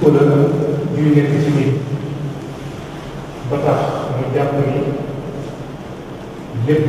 kóllëre ñuy nekk ci nit ba tax mu jàpp ni lépp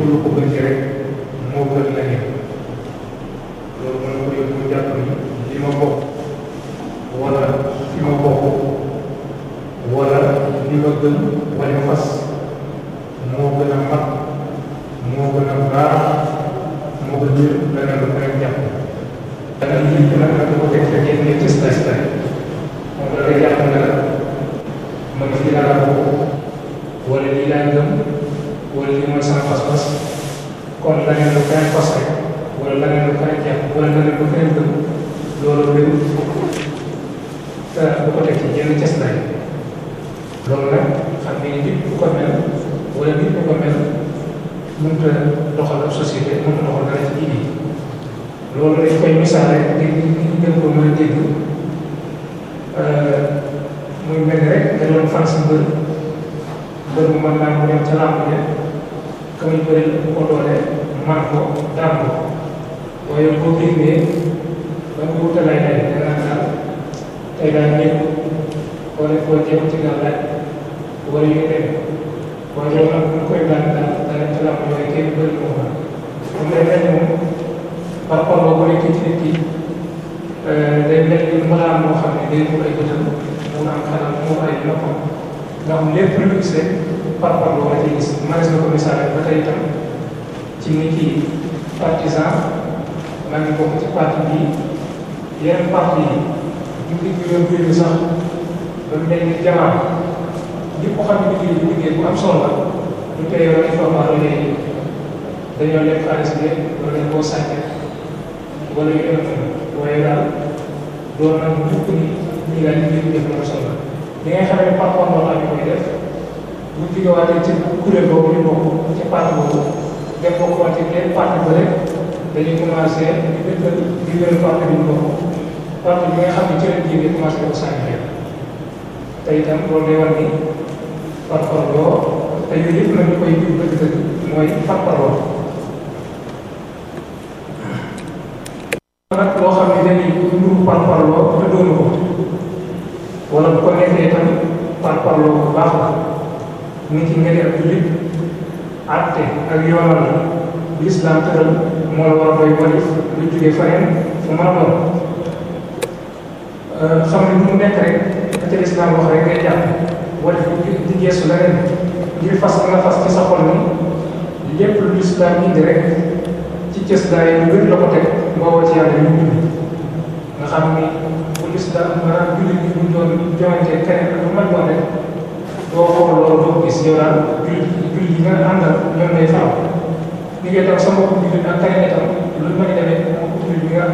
islam indi rek ci cës daay lu bëri la ko teg mbooloo ci yàlla ñu nga xam ni bu islam maanaam jullit ñi bu doon joŋante keneen lu mën doon rek doo xool loolu doo gis yow daal jullit jullit yi nga àndal ñoom lay faaw li ngay tam sa mbokku jullit ak keneen itam lu mën a demee moom jullit bi nga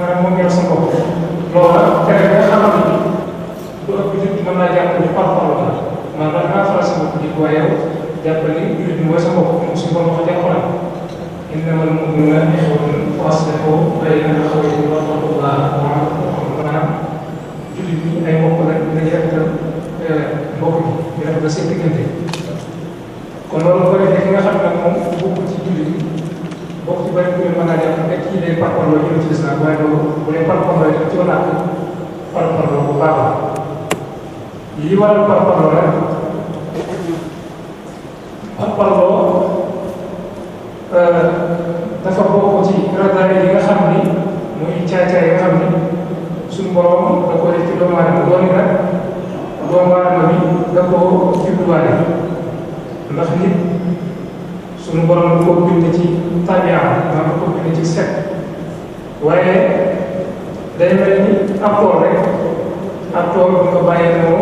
maanaam moom yor sa mbokk loola keneen nga xamal ni bu ëpp jullit mën naa jàpp ni par par la maanaam naa faral sa mbokk di ko waaye jàpp ne jullit bi mooy sa bopp moom suñu borom wax ci alxuraan innamal mu'minuuna ixwatun fa aslihu bayna axawaykum wattaqullaha maanaam jullit bi ay mbokk lañ dañuy rafetal mbokk bi rafetal seen diggante kon loolu ko defee ki nga xam ne moom bokkul ci jullit bi bokk ci benn kuréel mën naa jàpp ne kii day parparloo jël ci lislaam waaye loolu bu dee parparloo ci wàllu parparloo bu baax la li waral parparloo rek parloo euh, dafa bokk ci radaay yi nga xam ni muy caay-caay yi nga ni suñu borom da ko def ci doomu aadama doon na doomu aadama bi da koo jubluwaale ndax nit suñu borom da ko bind ci tabiyaam maanaam da ko bind ci set waaye day mel ni ab tool rek ab tool bu nga bàyyee moo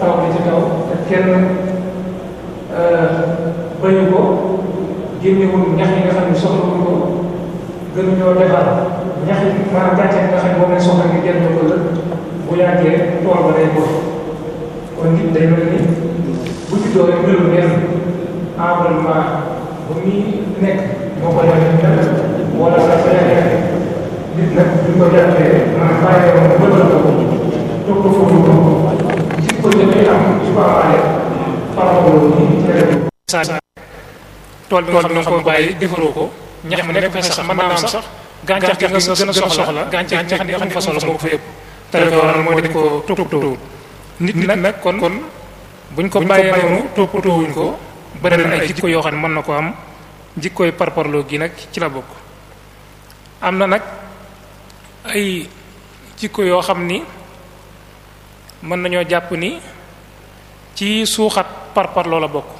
taw bi ci kaw te génnewul ñax yi nga xam ne soxla wuñ ko gën ñoo defar ñax yi maanaam gàncax nga xam ne moom lañ soxla nga jënd ko la bu yàggee tool ba day ko kon nit day mel ni bu ci doole mbiru benn environnement bu muy nekk moo ko yàggee wala sa sa yàggee nit nag bu ko yàggee maanaam bàyyi ko mu bëgg ko toog ko foofu ko jikko yi am ci par rapport ni tool bi nga xam ne ko bàyyi defaroo ko ñax ma nekk fa sax mën naa am sax gàncax gi nga gën soxla gàncax gi nga xam ne fa solo moo ko fa yëpp te la ko ko toppatoo nit ko bàyyee noonu toppatoo wuñ ko bëri na ay jikko yoo xam ne mën na ko am jikkooy parparloo gi nag ci la bokk na nag ay yoo xam ni mën nañoo jàpp ni ci suuxat parparloo la bokk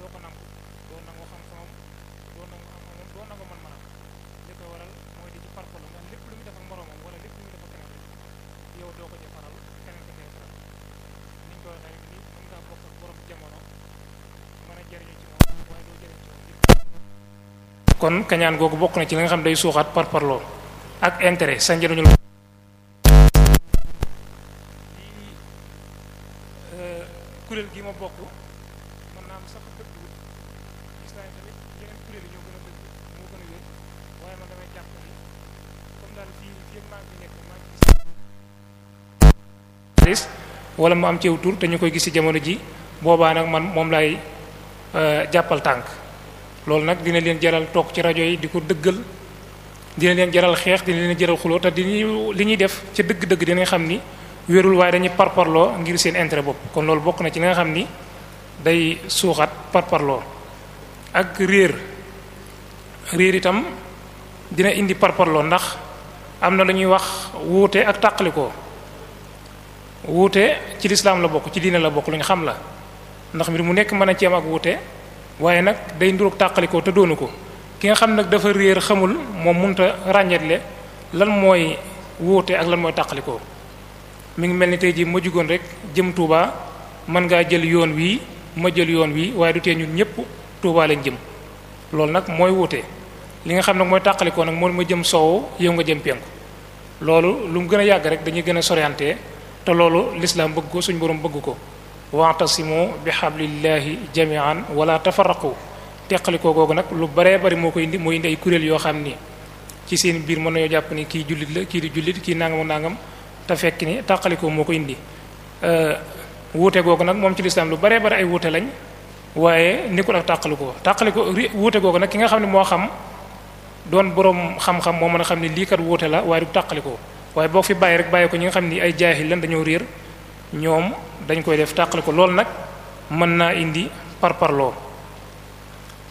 doo ko nangu doo nangu xam-xamam doo nangu am-amam doo nangu mën-mënam li koy waral mooy di ci parpolo nga lépp lu muy def doo ko ci faral ak borom jamono mën kañaan googu bokk na ci li nga xam day suuxaat parparloo ak intérêt sa njëriñu euh, kuréel gi ma bokk wala mu am ci tur te ñu koy gis ci jamono ji boobaa nag man moom lay euh, jàppal tànk loolu nag dina leen jaral toog ci rajo yi di ko dëggal dina leen jaral xeex dina leen jaral xuloo te diñu li ñuy def ca dëgg-dëgg dina xam ni wérul waaye dañuy parparloo ngir seen intérêt bopp kon loolu bokk na ci li nga xam ni day suuxat parparloo ak réer réer itam dina indi parparloo ndax am na lu ñuy wax wuute ak tàqalikoo wuute ci lislaam la bokk ci diina la bokk lu ñu xam la ndax mbir mu nekk mën a ci am ak wuute waaye nag day nduróog tàqalikoo te doonu ko ki nga xam nag dafa réer xamul moom munta ràññeetle lan mooy wuute ak lan mooy tàqalikoo mu ngi mel ni tey jii ma jugoon rek jëm tuubaa mën ngaa jël yoon wii ma jël yoon wii waaye du tee ñun ñëpp Touba lañ jëm loolu nag mooy wuute li nga xam nag mooy tàqalikoo nag moom ma jëm soowu yow nga jëm penku loolu lu gën a yàgg rek dañuy gën a soriante te loolu l'islam bëgg ko suñ borom bëgg ko wa'tasimu bi hablillahi jami'an wala tafarraqu teqalikoo googu nag lu baree bari moo koy indi mooy indi kuréel yoo xam ni ci seen biir mën nañoo jàpp ni kii jullit la kii di jullit kii nangamu nangam te fekk ni tàqalikoo moo ko indi euh, wuute googu nag moom ci lislaam lu baree bari ay wuute lañ waaye nekkul ak tàqalikoo tàqalikoo wuute googu nag ki nga xam ne moo xam doon boroom xam-xam moo mën a xam ne lii kat wuute la waaye du tàqalikoo waaye boo fi bàyyi rek bàyyi ko ñi nga xam ni ay jaahil lan dañoo réer ñoom dañ koy def tàqaliko loolu nag mën naa indi par parparloo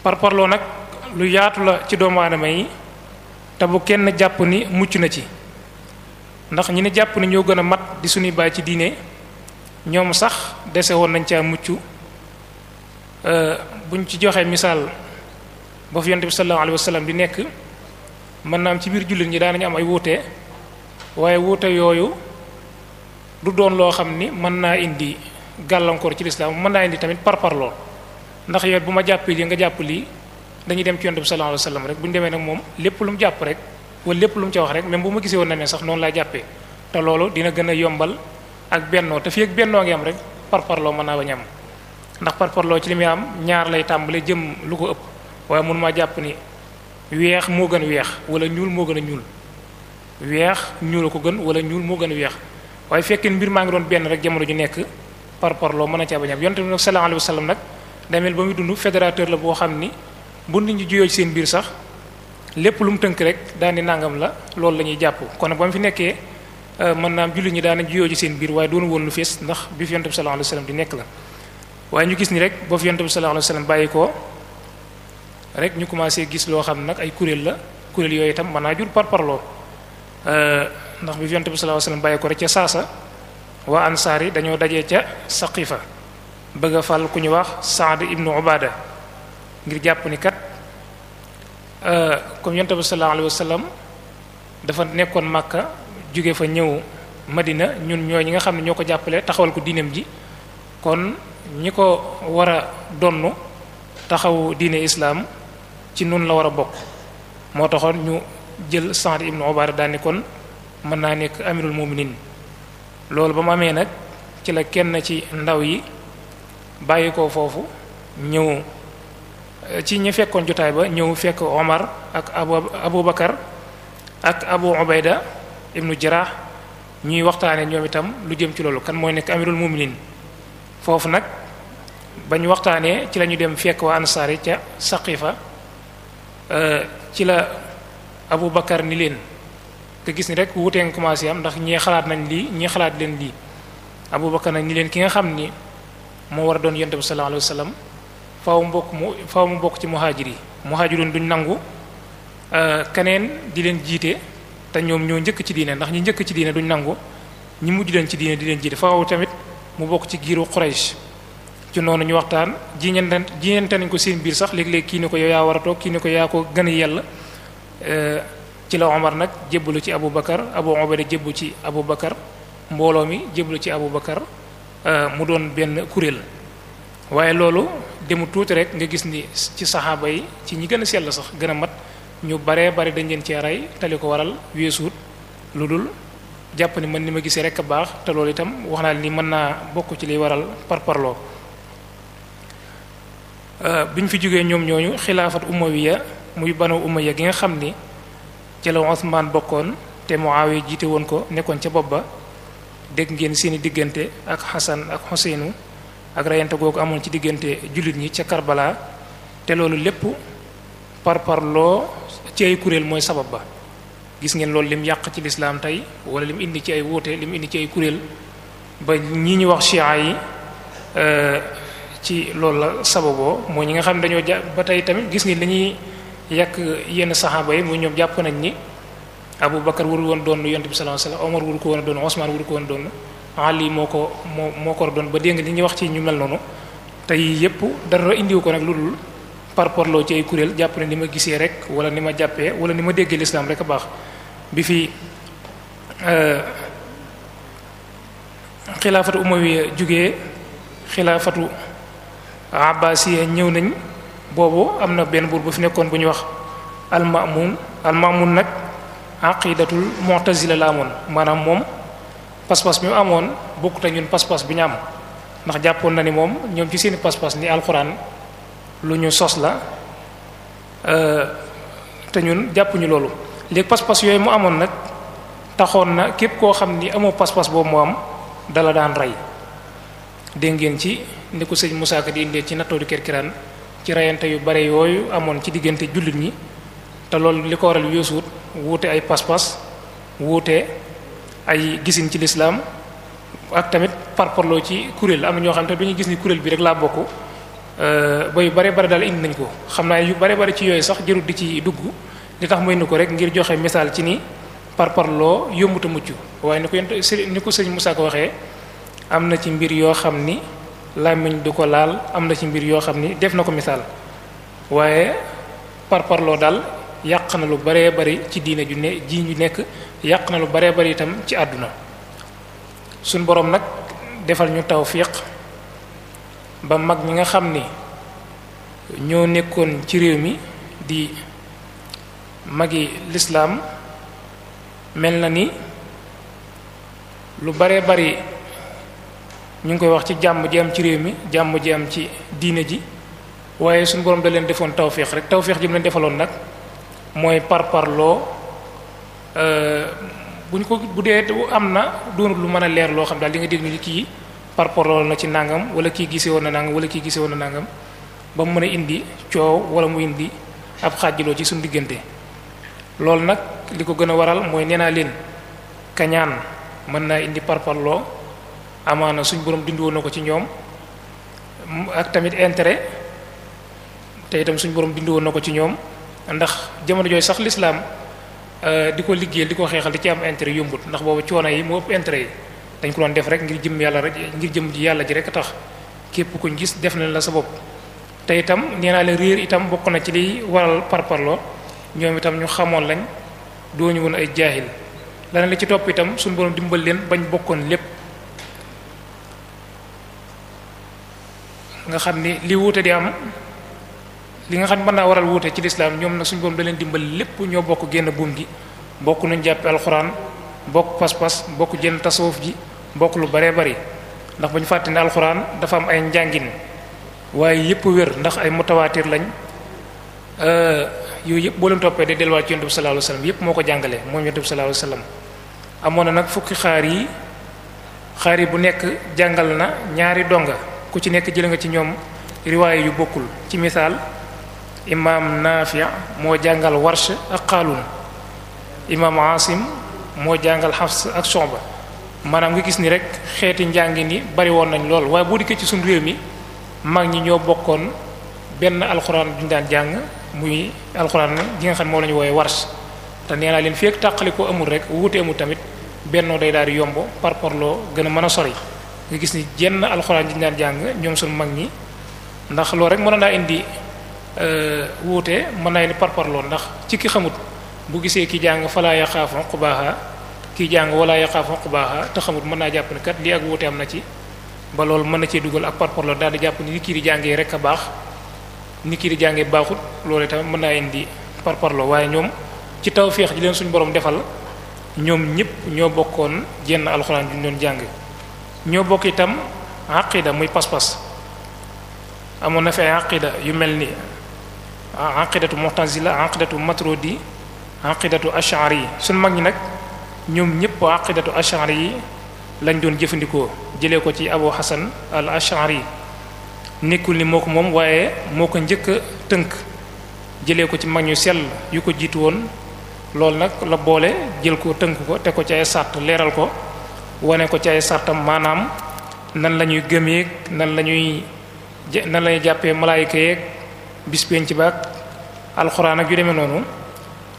parparloo nag lu yaatu la ci doomu aadama yi te bu kenn jàpp ni mucc na ci ndax ñi ne jàpp ni ñoo gën a mat di suñuy baay ci diine ñoom sax dese woon nañ caa mucc euh, buñ ci joxee misaal ba fi yonte bi sallallahu alayhi wasallam di nekk mën naa am ci biir jullit ñi daanañu am ay wuute waaye wuute yooyu du doon loo xam ni mën naa indi gàllankoor ci lislaam mën naa indi tamit parparloo ndax yow bu ma jàppee lii nga jàpp lii dañu dem ci yonent bi sallallahu alayhi wasallam rek bu ñu demee nag moom lépp lu mu jàpp rek wal lépp lu mu ca wax rek même bu ma gisee woon na ne sax noonu laa jàppee te loolu dina gën a yombal ak bennoo te fii ak bennoo ngi am rek parparloo mën naa bañ am ndax parparloo ci li am ñaar lay tàmbale jëm lu ko ëpp waaye mun jàpp ni weex moo gën weex wala ñuul moo gën a ñuul weex ñuul a ko gën wala ñuul moo gën a weex waaye fekkee mbir maa ngi doon benn rek jamono ju nekk par par loo mën a caa bañ a am yonent bi nag sallallahu alayhi wa sallam nag damel ba muy dund fédérateur la boo xam ni bu nit ñi juyoo seen biir sax lépp lu mu tënk rek daan di nangam la loolu la ñuy jàpp kon ba mu fi nekkee euh, mën naam julli ñi daana juyoo ci seen biir waaye doonu woon lu fees ndax bi fi yonent bi di nekk la waaye ñu gis ni rek boo fi yonent bi sallallahu alayhi wa bàyyi ko rek ñu commencé gis loo xam nag ay kuréel la kuréel yooyu itam mën naa jur par parloo euh, ndax bi yonent bi sallallahu alayhi wasallam ca saasa waa ansaar yi dañoo dajee ca saqifa bëgg a fal ku ñu wax Saad ibnu Ubada ngir jàpp ni kat euh, comme yonent bi sallallahu alayhi wasallam dafa nekkoon Makka jóge fa ñëw Madina ñun ñoo ñi nga xam ne ñoo ko jàppale taxawal ko diinam ji kon ñi ko war a donn taxaw diine islaam ci noonu la war a bokk moo taxoon ñu jël Sa'd ibnu Ubaada daani kon mën naa nekk amirul muminin loolu ba mu amee nag ci la kenn ci ndaw yi bàyyi ko foofu ñëw eh, ci ñu fekkoon jotaay ba ñëw fekk Omar ak abu Abu Bakar ak Abu Ubayda ibnu Jarrah ñuy waxtaanee ñoom itam lu jëm ci loolu kan mooy nekk amirul muminin foofu nag ba ñu waxtaanee ci la ñu dem fekk waa ansaari ca saqifa Euh, ci la Abu Bakar ni leen te gis ni rek wuute nga commencé am ndax ñii xalaat nañ lii ñii xalaat leen lii Abu Bakar nag ni leen ki nga xam ni moo war a doon yonent bi sallallahu alayhi wasallam faaw mu bokk mu faw mu bokk ci muhaajir yi muhaajirun duñ nangu euh, keneen di leen jiite te ñoom ñoo njëkk ci diine ndax ñi njëkk ci diine duñ nangu ñi mujj leen ci diine di leen jiite faw tamit mu bokk ci giiru Quraysh ci noonu ñu waxtaan jiñante jiñante nañ ko seen biir sax léeg-léeg kii ni ko yow yaa war a kii ni ko yaa ko gën a yell eh, ci la Omar nag jébbalu ci Abu Bakar Abu Ubayda jébbu ci Abu Bakar mbooloo mi jébbalu ci Abu Bakar eh, mu doon benn kuréel waaye loolu demu tuuti rek nga gis ni ci saxaaba yi ci ñi gën a sell sax gën a mat ñu baree bari dañ leen cee rey te ko waral weesuut lu dul jàpp ni man ni ma gisee rek a baax te loolu itam wax naa ni mën naa bokk ci liy waral parparloo Euh, bi ñu fi jógee ñoom ñooñu xilaafat umawiya muy banu umayya gi nga xam ni ci la bokkoon te Muawiya jiite woon ko nekkoon ca bopp ba dégg ngeen seeni diggante ak Xasan ak Xuseynu ak reyante googu amoon ci diggante jullit ñi ca Karbala te loolu lépp par parloo ci ay kuréel mooy sabab ba gis ngeen loolu lim yàq ci lislaam tey wala lim indi ci ay wuute lim indi ci ay kuréel ba ñi ñu wax chia yi euh, ci loolu la sababoo mooy ñi nga xam ne dañoo jàpp ba tey tamit gis ni li ñuy yàq yenn saxaaba yi muy ñoom jàpp nañ ni Abu Bakar wuru woon doon yonent bi sallallahu alayhi wasallam Omar wuru ko woon a doon Osman ko woon a doon moo ko moo moo ko doon ba dégg li ñuy wax ci ñu mel noonu tey yépp dara indiwu ko nag lu dul par parloo ci kuréel jàpp ne ni ma gisee rek wala ni ma jàppee wala ni ma déggee lislaam rek a baax bi fi euh, xilaafatu umawiya jugee xilaafatu abbasiya ñëw nañ boobu am na benn buur bu fi nekkoon bu ñu wax almamun almamun nag aqidatul mu'tazila la amoon maanaam moom pas-pas bi mu amoon bokkut ak ñun pas bu bi ñu am ndax jàppoon na ni moom ñoom ci seeni pas-pas ni alxuraan lu ñu sos la euh, te ñun jàppuñu loolu léegi pas-pas yooyu mu amoon nag taxoon na képp koo xam ni amoo pas boobu mu am dala daan rey dégg ngeen ci ni ko sëñ Moussa Ka di indee ci nattoo du kerkiraan ci rayante yu bare yooyu amoon ci diggante jullit ñi te loolu li ko waral yoosuut wuute ay pas-pas wuute ay gisin ci lislaam ak tamit parparloo ci kuréel am na ñoo xam te dañuy gis ni kuréel bi rek laa bokk euh, ba yu bare bare daal indi nañ ko xam naa yu bare bare ci yooyu sax jërut di ci dugg li tax may ni ko rek ngir joxe misaal ci ni parparloo yombuta mucc waaye ni ko ni ko sëñ Moussa Ka waxee am na ci mbir yoo xam ni làmmiñ du ko laal am na ci mbir yoo xam ni def na ko misaal waaye par parloo daal yàq na lu baree bari ci diine ju ne ji nekk yàq na lu baree bari itam ci àdduna suñ boroom nag defal ñu tawfiq ba mag ñi nga xam ni ñoo nekkoon ci réew mi di magi lislaam mel na ni lu baree bari ñu ngi koy wax ci jàmm ji am ci réew mi jàmm ji am ci diine ji waaye suñu borom da leen defoon tawféex rek tawféex ji mu leen defaloon nag mooy par parloo euh, bu ñu ko bu dee te am na doonut lu mën a leer loo xam daal li nga dégg ni kii par parloo na ci nangam wala kii gisee woon na nangam wala kii gisee woon ba mu mën a indi coow wala mu indi ab xaajaloo ci suñu diggante. loolu nag li ko gën a waral mooy nee naa leen kañaan mën naa indi par parloo amaana suñ borom dindi woon na ko ci ñoom ak tamit intérêt te itam suñ borom dindi woon na ko ci ñoom ndax jamono jooy sax lislaam euh, di ko liggéey li ko xeexal di ci am intere yombut ndax boobu coono yi moo ëpp intérêt yi dañ ko doon def rek ngir jëm yàlla rek ngir jëm ji yàlla ji rek tax képp kuñ gis def nañ la sa bopp te itam nee naa la réer itam bokk na ci liy waral parparloo ñoom itam ñu xamoon lañ dooñu woon ay jaahil leneen li ci topp itam suñu borom dimbal leen bañ bokkoon lépp nga xam ni li wuute di am li nga xam mën naa waral wuute ci lislaam ñoom nag suñu borom da leen dimbal lépp ñoo bokk génn buum gi bokk nuñ jàppe alxuraan bokk pas-pas bokk jënn tasawuf ji bokk lu baree bari ndax bu ñu fàtte alxuraan dafa am ay njàngin waaye yëpp wér ndax ay mutawaatir lañ euh, yooyu yëpp boo leen toppee day delluwaat ci yonent bi sallallahu alayhi wasallam yëpp moo ko jàngale moom yonent bi sallallahu alayhi wasallam amoon na nag fukki xaar yi xaar bu nekk jàngal na ñaari donga ku ci nekk jël nga ci ñoom riwaay yu bokkul ci misaal imaam Naafi' moo jàngal Warsh ak Qaalun imaam Aasim moo jàngal xas ak Shu'ba maanaam nga gis ni rek xeeti njàngi ni bari woon nañ lool waaye boo dikkee ci suñu réew mi mag ñi ñoo bokkoon benn alxuraan duñu daan jàng muy alxuraan ji nga xam ne moom la ñu woowe Warsh te nee naa leen fekk tàqali ko amul rek wuute amul tamit bennoo day daal di yomb par parloo gën a mën a sori nga gis ni jenn alxuraan ji ñu daan jàng ñoom suñu mag ñi ndax lool rek mën naa indi euh, wuute mën naa indi parpar ndax ci ki xamut bu gisee ki jàng falaa yaxaafu uqbaaha ki jàng wala yaxaafu uqbaaha te xamut mën naa jàpp ne kat lii ak wuute am na ci ba loolu mën na cee dugal ak parpar loolu daal di jàpp ni ni kii di jàngee rek a baax ni kii di jàngee baaxut loolu tamit mën naa indi parparloo waaye ñoom ci taw tawféex ji leen suñu borom defal ñoom ñëpp ñoo bokkoon jenn alxuraan ju ñu doon jàng ñoo bokk itam aqida muy pas-pas amoon na fi ay aqida yu mel ni aqidatu mu'tazila aqidatu maturidi aqidatu ash'ari yi suñ mag ñi nag ñoom ñëpp aqidatu ash'ari yi lañ doon jëfandikoo jëlee ko ci abu hasan al ash'ari nekkul ni moo ko moom waaye moo ko njëkk a tënk jëlee ko ci mag ñu sell yu ko jiitu woon loolu nag la boole jël ko tënk ko te ko ci ay sàtt leeral ko wane ko ci ay sartam maanaam nan lañuy ñuy nan la ñuy nan la jàppee malaayika yeeg bis penc ba alxuraan ak yu demee noonu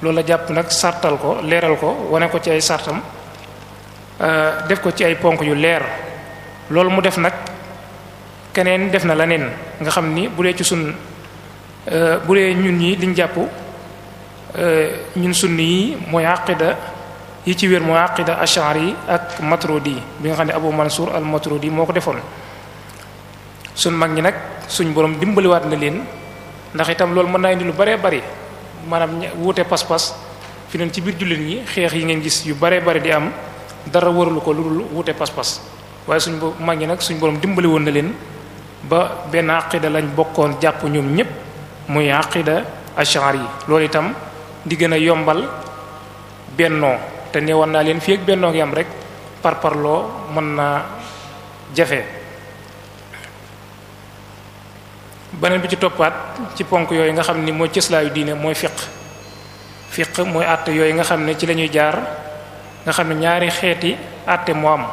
loolu la jàpp nag sartal ko leeral ko wane ko ci ay sartam euh, def ko ci ay ponk yu leer loolu mu def nag keneen def na la leneen nga xam ni bu dee ci sun euh, bu dee ñun ñi liñ jàpp euh, ñun sunni yi mooy àqida yi ci wér mu aqida yi ak matrodi bi nga xam ne abu mansour al matrodi moo ko defoon suñ mag ñi nag suñ borom dimbaliwaat na leen ndax itam loolu mën naa indi lu baree bari maanaam wuute pas-pas fi neen ci biir jullit yi xeex yi ngeen gis yu baree bari di am dara waralu ko lu dul wuute pas-pas waaye suñ mag ñi nag suñ borom dimbali woon na leen ba benn aqida lañ bokkoon jàpp ñoom ñépp muy aqida ash'ari yi loolu itam di gën a yombal bennoo te ne woon naa leen fii ak bennoo yam rek par parloo mën naa jafe. beneen bi ci toppaat ci ponk yooyu nga xam ni mooy cëslaayu diine mooy fiq fiq mooy àtte yooyu nga xam ne ci lañuy jaar nga xam ne ñaari xeeti àtte moo am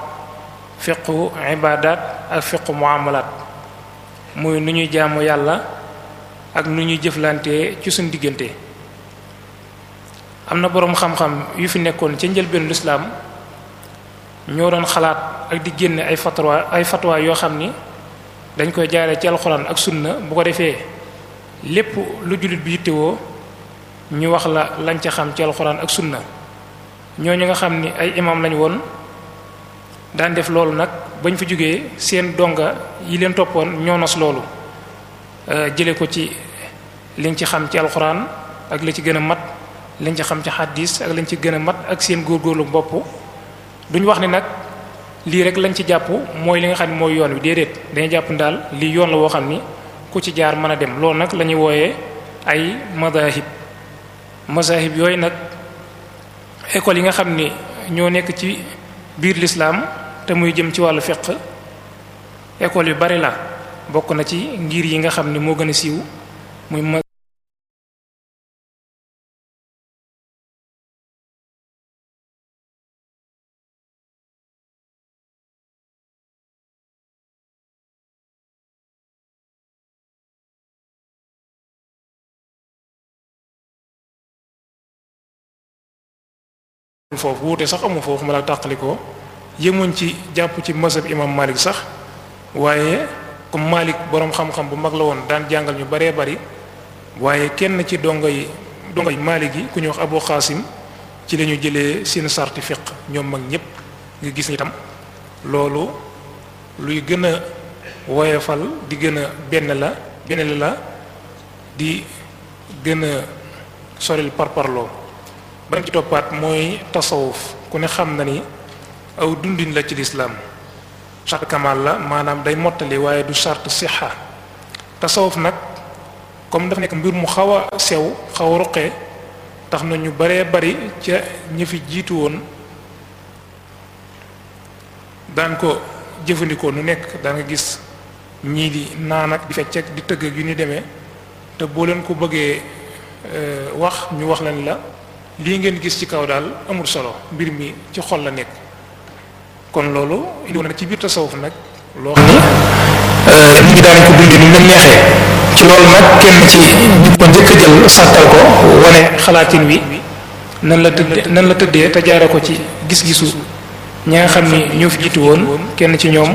fiqu ibadat ak fiqu muamalat muy nu ñuy jaamu yàlla ak nu ñuy jëflante ci suñu diggante am na boroom xam-xam yu fi nekkoon ca njëlbéenu lislaam ñoo doon xalaat ak di génne ay fatwa ay fatwa yoo xam ni dañ koy jaaree ci alxuraan ak sunna bu ko defee lépp lu jullit bi yittewoo ñu wax la lañ ca xam ci alxuraan ak sunna ñooñu nga xam ni ay lañ woon daan def loolu nag bañ fi jógee seen donga yi leen toppoon ñoo nos loolu euh, jële ko ci liñ ci xam ci alxuraan ak li ci gën a mat lañ ci xam ci xaddis ak lañ ci gën a mat ak seen góorgóorlu bopp duñ wax ne nag lii rek lañ ci jàpp mooy li nga xam ne mooy yoon wi déedéet dañuy jàpp daal lii yoon la woo xam ni ku ci jaar mën a dem loolu nag la ñuy wooyee ay mazahib mazahib yooyu nag école yi nga xam ni ñoo nekk ci biir lislaam te muy jëm ci wàllu fiqh école yu bari la bokk na ci ngir yi nga xam ni moo gën a siiw muy foofu wuute sax amu foofu ma la tàqalikoo yemuñ ci jàpp ci mazhab imam Malik sax waaye comme Malik boroom xam-xam bu mag la woon daan jàngal ñu baree bari waaye kenn ci dongo yi dongo yi Malik yi ku ñuy wax Abu Xaasim ci lañu ñu jëlee seen sarti fiq ñoom mag ñëpp nga gis ni tam loolu luy gën a woyefal di gën a benn la benn la di gën a soril parparloo ba ci toppaat mooy tasawuf ku ne xam na ni aw dundin la ci lislaam charte kamal la maanaam day mottali waaye du charte siha tasawuf nag comme dafa nekk mbir mu xaw a sew xaw a ruqee tax na ñu baree bari ca ñi fi jiitu woon daan ko jëfandikoo nu nekk daan nga gis ñii di naan ak di fecc di tëgg ak yu ni demee te boo leen ko bëggee euh, wax ñu wax leen la lii ngeen gis ci kaw daal amul solo mbir mi ci xol la nekk kon loolu li na ci biir tasawuf nag loo xam ni euh, nit ñi daan ko dund ni mu neexee ci loolu nag kenn ci ñi ko njëkk a jël sàttal ko wane xalaatin wi nan la tëddee nan la tëddee te jaare ko ci gis-gisu ñi nga xam ni ñoo fi jiitu woon kenn ci ñoom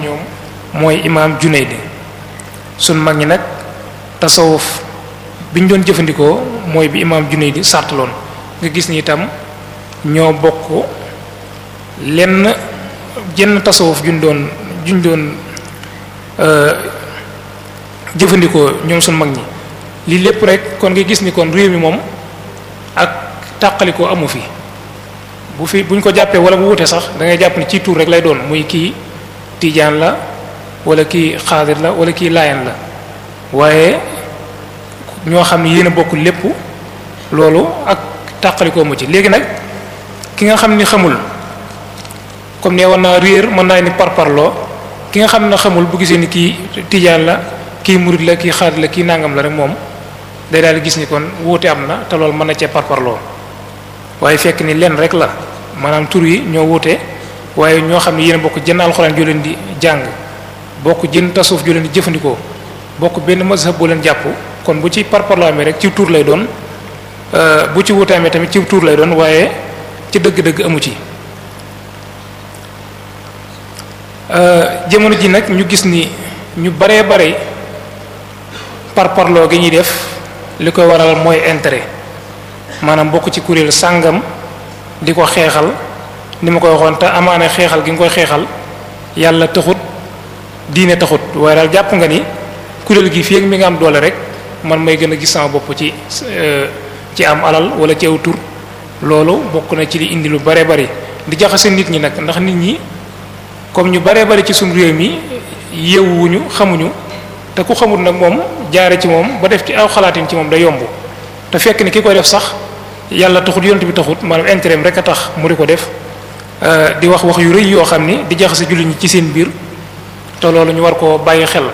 mooy imaam Junayd sun mag ñi nag tasawuf bi ñu doon jëfandikoo mooy bi imaam Junayd sàrtaloon nga gis ni itam ñoo bokk lenn jenn tasawuf juñ doon juñ doon euh, jëfandikoo ñoom suñ mag ñi lii lépp rek kon nga gis ni kon réew mi moom ak tàqalikoo amu fi bu fi buñ ko jàppee wala bu wutee sax dangay jàpp ni ciy tuur rek lay doon muy kii tijaan la wala kii xaadir la wala kii laayan la waaye ñoo xam ne bokk lépp loolu ak tàqalikoo mu ci léegi nag ki nga xam ni xamul kon nee woon naa réer mën naa ni parparloo ki nga xam ne xamul bu gisee ni kii tijaan la kii murid la kii xaarit la kii nangam la rek moom day daal gis ni kon wuute am na te loolu mën na cee parparloo waaye fekk ni lenn rek la maanaam tur yi ñoo wuute waaye ñoo xam ne yéen bokk jën alxuraan ju leen di jàng bokk jën tasuuf ju leen di jëfandikoo bokk benn mazhab boo leen jàpp kon bu ci parparloo amee rek ci tur lay doon Euh, bu ci wutee amee tamit ci tuur lay doon waaye ci dëgg-dëgg amu ci euh, jamono ji nag ñu gis ni ñu baree bare par parloo gi ñuy def li koy waral mooy intérêt maanaam bokk ci kuréel sàngam di ko xeexal ni ma koy waxoon te amaane xeexal gi nga koy xeexal yàlla taxut diine taxut waaye daal jàpp nga ni kuréel gi fii ak mi nga am doole rek man may gën a gis sama bopp ci euh, ci am alal wala ci aw loolu bokk na ci li indi lu bare bari di jaxase nit ñi nag ndax nit ñi comme ñu bare bari ci suñu réew mi yewuñu xamuñu te ku xamul nag moom jaare ci moom ba def ci aw xalaatin ci moom da yomb te fekk ni ki koy def sax yàlla taxut yonent bi taxut maanaam intérêt rek a tax mu di ko def eh, di wax wax yu rëy yoo xam ni di jaxase jullit ñi ci seen biir te loolu ñu war ko bàyyi xel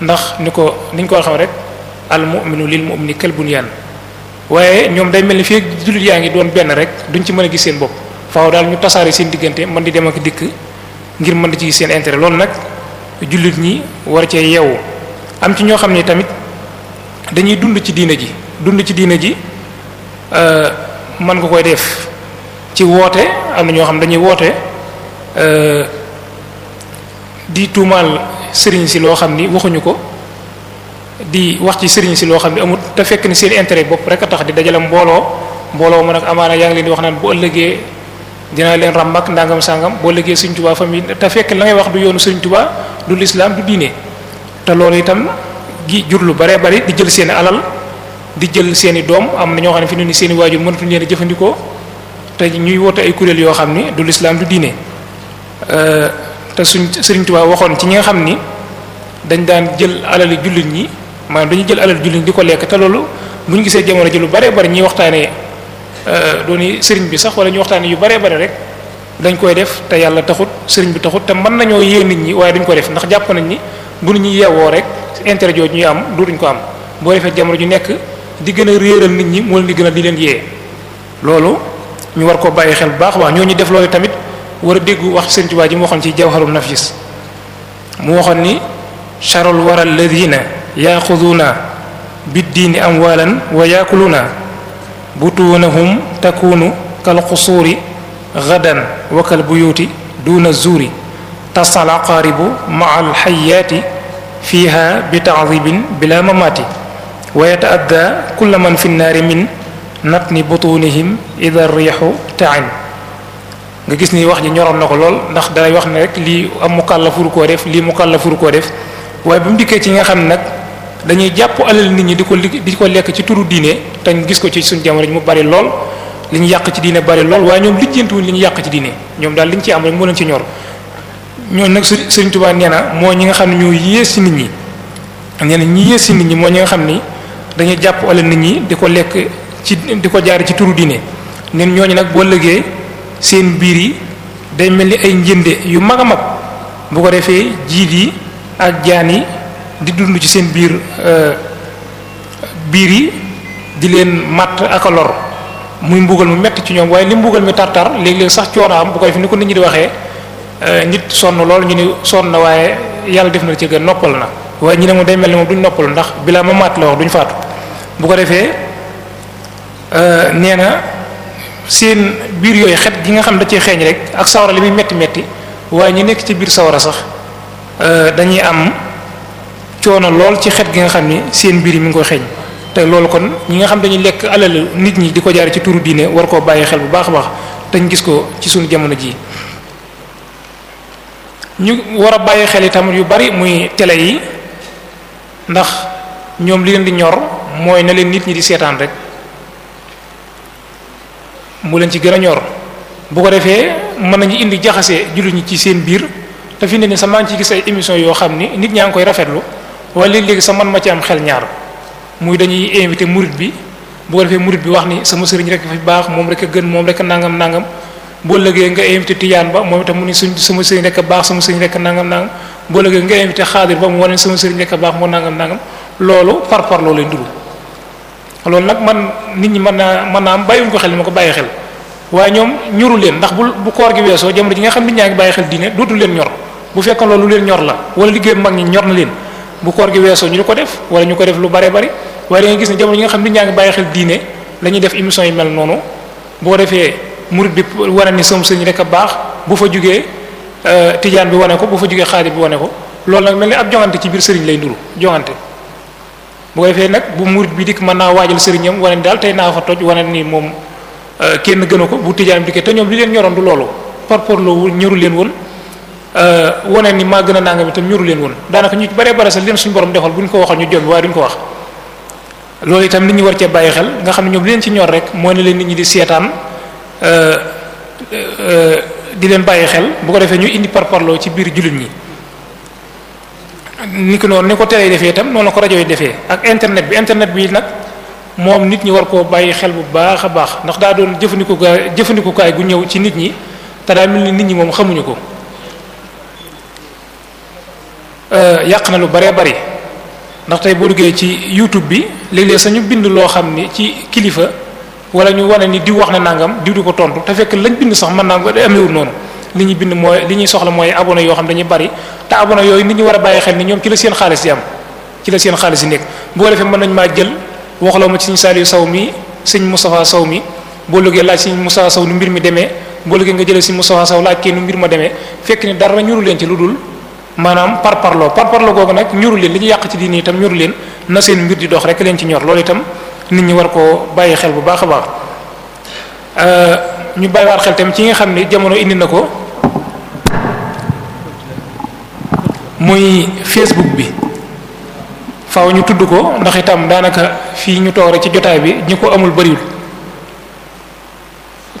ndax ni ko niñ ko waxee rek al mu'minu lil mu'mini kal bunyan waaye ñoom day mel ni fii jullit yaa ngi doon benn rek duñ ci mën a gis seen bopp faaw daal ñu tasaare seen diggante mën di dem ak dikk ngir mën di ci gis seen intere loolu nag jullit ñi war a cee yeewu am ci ñoo xam ne tamit dañuy dund ci diina ji dund ci diina ji euh, mën nga koy def ci woote am na ñoo xam dañuy woote euh, di tuumaal sëriñ si loo xam ni waxuñu ko di wax ci sëriñ si loo xam ne amul te fekk ni seen intérêt bopp rek a tax di dajale mbooloo mbooloo mu nag amaana yaa ngi leen di wax naan bu ëllëgee dinaa leen ràmm ak ndàngam sàngam bu ëllëgee sëriñ Tuubaa famille te fekk la ngay wax du yoonu sëriñ Tuubaa du lislaam du diine te loolu itam gi jur lu bare bari di jël seen alal di jël seen doom am na ñoo xam ne fi ñu ni seen i waajur mënatuñ leen a jëfandikoo te ñuy ay kuréel yoo xam ni du lislaam du diine euh, te suñ sëriñ Tuubaa waxoon ci ñi nga xam ni dañ daan jël alali jullit ñi maanaam dañu jël alal jullit di ko lekk te loolu bu ñu gisee jamono ji lu bare bare ñuy waxtaanee euh, dooni sëriñ bi sax wala ñu waxtaanee yu bare bare rek dañ koy def te yàlla taxut sëriñ bi taxut te mën nañoo yee nit ñi waaye duñ ko def ndax jàpp nañ ni bu nit ñi yeewoo rek intérêt jooju ñuy am duñ ko am boo defee jamono ju nekk di gën a réeral nit ñi moo leen di gën a di leen yee loolu ñu war ko bàyyi xel bu baax waa ñoo ñu def loolu tamit war a déggu wax sëriñ Tuubaa ji mu waxoon ci Jawharun mu waxoon ni charol waral ladina yaaxuduuna biddiini amwaalan wa yaakuluuna butuunahum takuunu kal xusuuri gadan wa kal buyuuti duuna zuuri tasal ma maa alxayaati fiiha bi taadibin bila mamaati wa yataadda kulla man fi nnaari min natni butunihim ida riixu tain nga gis ni wax ji ñoroon na ko lool ndax dalay wax ne rek lii am mukàllafuru koo def lii mukàllafuru koo def waaye bu mu ci nga xam nag dañuy jàpp alal nit ñi di ko di ko lekk ci turu diine te gis ko ci suñ jamono ji mu bari lool li ñu yàq ci diine bari lool waaye ñoom lijjantiwuñ li ñu yàq ci diine ñoom daal li ñu ci am rek moo leen ci ñor ñoom nag Sëriñ Tuubaa nee na moo ñi nga xam ne ñoo yées si nit ñi nee na ñi yées si nit ñi moo ñi nga xam ni dañuy jàpp alal nit ñi di ko lekk ci di ko jaare ci turu diine neen ñooñu nag boo lëgee seen biir yi day mel ni ay njënde yu mag a mag bu ko defee jiit yi ak jaan yi di dund ci seen biir euh, biir yi di leen matt ak a lor muy mbugal mu metti ci ñoom waaye li mbugal mi tartar léeg-léeg sax coono am bu koy fi ni ko nit ñi di waxee euh, nit sonn lool ñu ni sonn na waaye yàlla def na ci gën noppal na waaye ñu ne moom day mel ni moom duñ noppalu ndax bilaa ma matt la wax duñ faatu bu ko defee euh, nee na seen biir yooyu xet gi nga xam da cee xeeñ rek ak sawara li muy metti metti waaye ñi nekk ci biir sawara sax dañuy am coono lool ci xet gi nga xam ne seen mbir yi mu ngi koy xeeñ te loolu kon ñi nga xam dañuy lekk alal nit ñi di ko jaare ci turu diine war koo bàyyi xel bu baax a baax dañ gis ko ci suñu jamono ji ñu war a bàyyi xel itam yu bari muy télé yi ndax ñoom li leen di ñor mooy na leen nit ñi di seetaan rek mu leen ci gën a ñor bu ko defee mën nañu indi jaxase jullit ñi ci seen biir te fi ne ni sama ngi ci gis ay émission yoo xam ni nit ñaa ngi koy rafetlu wala léegi-léegi sa man ma ci am xel ñaar muy dañuy invité murid bi bu ko defee murid bi wax ni sama sëriñ rek fi baax moom rek a gën moom rek a nangam nangam boo lëgee nga invité tijaan ba moom itam mu ni suñ sama sëriñ rek a baax sama sëriñ rek a nangam nangam boo lëgee nga invité xaadir ba mu wane sama sëriñ rek a baax moo nangam nangam loolu par par loolu lay dugg loolu nag man nit ñi mën naa man naa am bàyyiwuñ ko xel ma ko bàyyi xel waaye ñoom ñuru leen ndax bu bu koor gi weesoo jamono ji nga xam nit ñaa ngi bàyyi xel diine dootu leen ñor bu fekkoon loolu leen ñor la wala liggéey mag ñi ñor na leen bu koor gi weesoo ñu di ko def wala ñu ko def lu bare bari waaye da nga gis ne jamono yi nga xam nit ñaa ngi xel diine la def émission yi mel noonu boo defee murid bi wane ni som sëñ rek a baax bu fa jugee euh, tijaan bi wane ko bu fa jugee xaadir bi wane ko loolu nag mel ni ab jongante ci biir sëriñ lay nuru jongante bu ko nag bu murid bi dikk mën naa waajal sëriñam wane ni daal tey naa fa toj wane ni moom euh, kenn gënu ko bu tijaan bi dikkee te ñoom li leen ñoroon du loolu par rapport loolu ñëru leen woon Euh, wane ni maa gën a nangam itam ñuru leen woon daanaka ñu baree bare sax leen suñu borom defal bu ñu ko waxal ñu jombi waaye duñ ko wax loolu itam nit ñi war cee bàyyi xel nga xam ne ñoom leen ci ñor rek leen nit ñi di seetaan euh, euh, di leen bàyyi xel bu ko defee ñu indi par parparloo ci biir jullit ñi ni ko noonu ni ko télé defee itam noonu la ko rajo yi defee ak internet bi internet bi nag moom nit ñi war koo bàyyi xel bu baax a baax ndax daa doon jëfandikukaay jëfandikukaay gu ñëw ci nit ñi te daa mel nit ñi moom xamuñu ko Euh, yàq na lu baree bari ndax tey boo duggee ci YouTube bi léeg-léeg sañu bind loo xam ni ci kilifa wala ñu wane ni diw wax na nangam diw di ko tontu te fekk lañ bind sax man naa ko amewul noonu li ñuy bind mooy li ñuy soxla mooy abonné yoo xam dañuy bari te abonné yooyu nit ñu war a bàyyi xel ni ñoom ci la seen xaalis yi am ci la seen xaalis yi nekk boo defee mën nañ maa jël waxloo ma ci sëñ Saliou Sow mi sëñ Moustapha Sow mi boo lëgee laaj sëñ Moustapha Sow nu mbir mi demee boo lëgee nga jëlee sëñ Moustapha Sow laaj kii nu mbir ma demee fekk maanaam par parloo par parloo googu nag ñuru leen li ñu yàq ci diini itam ñuru leen na seen mbir di dox rek leen ci ñor loolu itam nit ñu war koo bàyyi xel bu baax a baax ñu bàyyiwaat xel nga xam ne jamono indi na ko muy Facebook bi faaw ñu tudd ko ndax itam daanaka fii ñu toog rek ci jotaay bi ñu ko amul bëriwul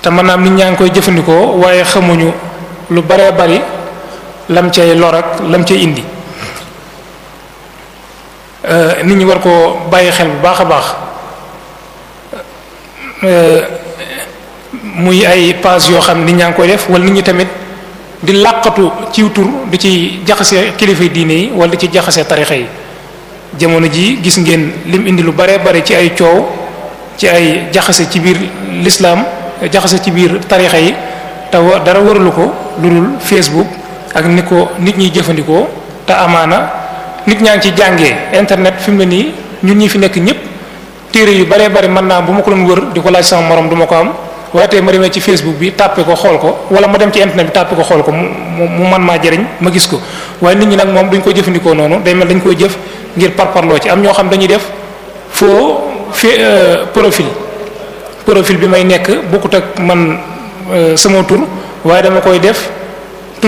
te manaam nit ñaa ngi koy jëfandikoo waaye xamuñu lu baree bari lam cay lor lam cay indi euh, nit ñi war koo bàyyi xel bu baax a baax euh, muy ay pass yoo xam nit ñaa ngi koy def wala nit ñi tamit di làqatu ciw tur di ci jaxase kilifa diine yi wala di ci jaxase tarixa yi jamono ji gis ngeen lim indi lu bare bare ci ay coow ci ay jaxase ci biir lislaam jaxase ci biir tarixa yi te dara waralu ko lu dul Facebook ak ni ko nit ñi jëfandikoo te amaana nit ñaa ngi ci jàngee internet fi mu ne nii ñun ñi fi nekk ñëpp téere yu bare bari mën naa bu ma ko doon wër di ko laaj sama morom du ko am waaye tey ma demee ci Facebook bi tàppe ko xool ko wala ma dem ci internet bi tàppe ko xool ko mu mu man maa jëriñ ma gis ko waaye nit ñi nag moom duñ ko jëfandikoo noonu day mel dañ koy jëf ngir parparloo ci am ñoo xam dañuy def foo fi euh, profil bi may nekk bokkut ak man euh, sama tur waaye dama koy def.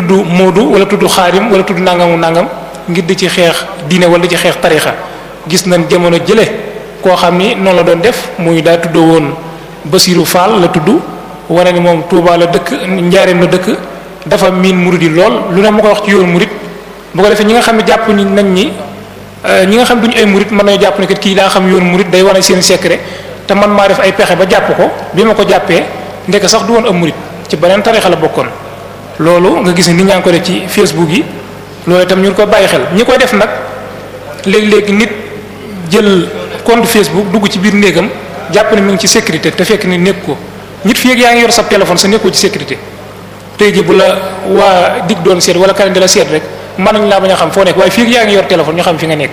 tudd Moodu wala tudd xaarim wala tudd nangamu nàngam ngir di ci xeex diine wala di ci xeex tarixa gis nañ jamono jële koo xam ni noonu la doon def muy daa tudd woon Basiru Faal la tudd wane ni moom Touba la dëkk Njaareem la dëkk dafa miin murid yi lool lu ne ma ko wax ci yoon murid bu ko defee ñi nga xam ne jàpp nañ ni euh, ñi nga xam duñu ay murid mën nañu jàpp ne kat kii daa xam yoon murit day wane seen secret te man maa def ay pexe ba jàpp ko bi ma ko jàppee ndek sax du woon am murid ci beneen tarixa la bokkoon. loolu nga gis ni nit ñaa ngi ko def ci Facebook yi loolu itam ñu ngi ko bàyyi xel ñi koy def nag léeg-léeg nit jël compte Facebook dugg ci biir néegam jàpp ne mi ngi ci sécurité te fekk ko nit fi ak yaa ngi yor sa téléphone sa nekkoo ci sécurité tey ji bu la waa dig doon seet wala keneen la seet rek mën nañ laa bañ a xam foo nekk waaye fi yaa ngi yor téléphone ñu xam fi nga nekk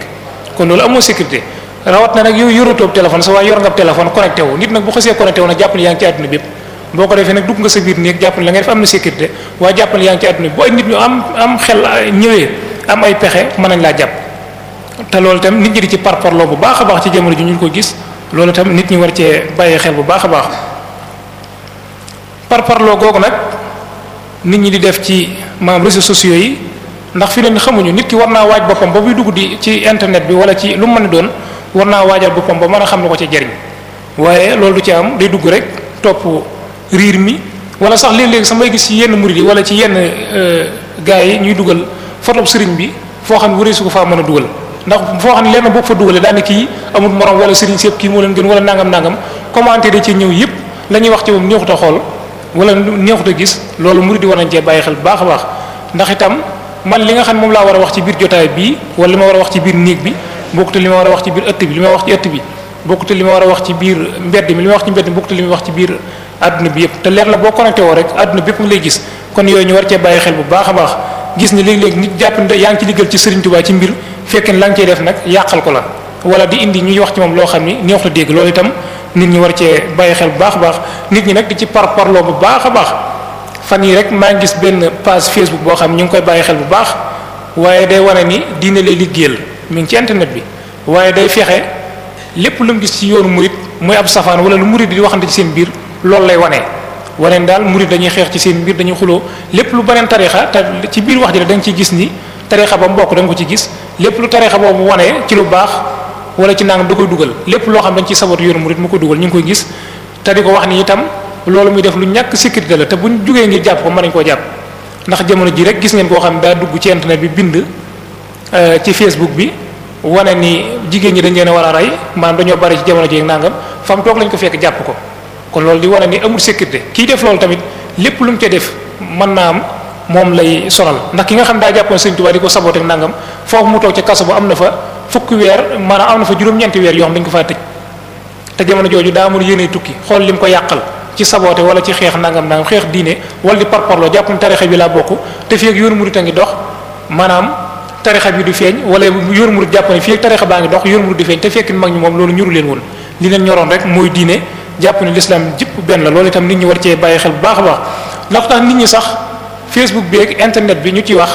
kon loolu amoo sécurité rawat na nag yow yorutoo téléphone sa waaye yor nga téléphone connecté wu nit nag bu xasee connecté wu nag jàpp boo ko defee nag dugg nga sa biir néeg jàpp la ngay def am na sécurité waaye jàpp ne yaa ngi ci àdduna bi bu ay nit ñu am am xel ñëwee am ay pexe mën nañ laa jàpp te loolu itam nit ñi di ci parparloo bu baax a baax ci jamono ji ñu ko gis loolu itam nit ñi war cee bàyyi xel bu baax baax parparloo googu nag nit ñi di def ci maanaam réseaux sociaux yi ndax fi leen xamuñu nit ki war naa waaj boppam ba muy dugg di ci internet bi wala ci lu mu mën a doon war naa waajal boppam ba mën a xam ne ko ci jariñ waaye loolu du ci am day dugg rek topp riir mi wala sax léeg-léeg samay gis ci yenn murid yi wala ci yenn euh, gars yi ñuy dugal fotob sëriñ bi foo xam ne wëree su ko faa mën a dugal ndax foo xam ne lenn boo fa dugalee daane kii amul morom wala sëriñ sépp kii moo leen gën wala nangam nangam commentaire da ci ñëw yëpp la ñuy wax ci moom neexut a xool wala neexut a gis loolu murid di war nañ cee bàyyi xel bu baax a baax ndax itam man li nga xam moom laa war a wax ci biir jotaay bi wala li ma war wax ci biir néeg bi bokkut li ma wax ci biir bi li ma wax ci ëtt bi bokkut li ma war a wax ci biir mbedd mi li wax ci mbedd mi bokkut li wax ci biir àdduna bi yëpp te leer la boo connecté woo rek àdduna bi yëpp nga lay gis kon yooyu ñu war cee bàyyi xel bu baax a baax gis ni léegi léeg nit jàpp ne yaa ngi ci liggéeyal ci Serigne Touba ci mbir fekk ne la nga cee def nag yàqal ko la wala di indi ñuy wax ci moom loo xam ni neex la dégg loolu itam nit ñi war cee bàyyi xel bu baax a baax nit ñi nag di ci par parloo bu baax a baax fan yi rek maa ngi gis benn page Facebook boo xam ñu ngi koy bàyyi xel bu baax waaye day wane ni diine lay liggéeyal mi ngi ci internet bi waaye day fexe lépp lu mu gis ci yoonu murit muy ab safaan wala lu murit di waxante ci seen biir loolu lay wane waneen daal murid dañuy xeex ci seen mbir dañuy xuloo lépp lu beneen tarixa te ci biir wax ji da nga ciy gis ni tarixa ba mu bokk da ko ci gis lépp lu tarixa boobu wanee ci lu baax wala ci nangam du koy dugal lépp loo xam dañ ci sabot yoonu murid mu ko dugal ñu ngi gis te di ko wax ni itam loolu muy def lu ñàkk sécurité la te bu buñ jógee ngir jàpp ko mën nañ koo jàpp ndax jamono ji rek gis ngeen koo xam daa dugg ci internet bi bind euh, ci Facebook bi wane ni jigéen ñi dañ leen a war a rey maanaam dañoo bari ci jamono ji nangam fam toog lañ ko fekk jàpp ko kon loolu di wane ni amul sécurité kii def loolu tamit lépp lu mu ca def man naa am moom lay sonal ndax ki nga xam daa jàppoon Sëriñ Tuubaa di ko saboté ak nangam foofu mu toog ci kaso bu am na fa fukki weer maanaam am na fa juróom-ñeenti weer yoo xam dañ ko faa tëj te jamono jooju daa amul yéene tukki xool li mu ko yàqal ci saboté wala ci xeex nangam nangam xeex diine wala di parparloo jàppum tarixa bi laa bokk te fii ak yoonu murit a ngi dox maanaam tarixa bi du feeñ wala yoonu murit jàpp fii ak tarixa baa ngi dox yoonu murit du feeñ te fekkin mag ñi moom loolu ñuru leen woon li leen ñoroon rek diine jàpp ne l'islam jëpp benn la loolu itam nit ñi war cee bàyyi xel bu baax a baax ndax tax nit ñi sax Facebook bi ak internet bi ñu ci wax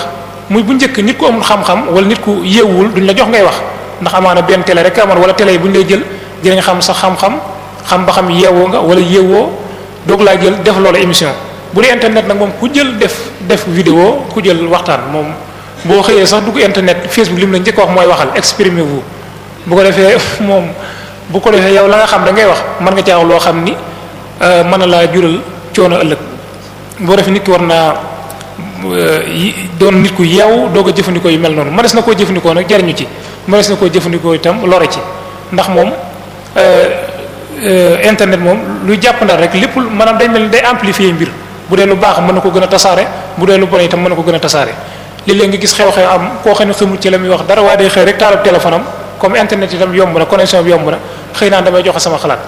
mu bu njëkk nit ku amul xam-xam wala nit ku yeewul duñu la jox ngay wax ndax amaana benn télé rek amoon wala télé yi bu ñu lay jël dinañ xam sax xam-xam xam ba xam yeewoo nga wala yeewoo doog laa jël def loolu émission bu dee internet nag moom ku jël def def vidéo ku jël waxtaan moom boo xëyee sax dugg internet Facebook li mu la njëkk mooy waxal exprimez-vous ko defee moom bu ko defee yow la nga xam da ngay wax mën nga caa wax loo xam ni euh, mën na laa jural coono ëllëg boo defee nit ki war na euh, doon nit ku yeewu doog a jëfandikoo yu mel noonu mënees na koo jëfandikoo nag jariñu ci mënees na koo jëfandikoo itam lore ci ndax moom euh, internet moom luy jàpp ndax rek lépp maanaam day mel ni day amplifier mbir bu dee lu baax mën na ko gën a tasaare bu dee lu bon itam mën na ko gën a tasaare léeg-léeg nga gis xew-xew am koo xam ne xamul ci la muy wax dara waaye rek taalab téléphone comme internet yi tam yomb na connexion bi yomb na xëy naa damay joxe sama xalaat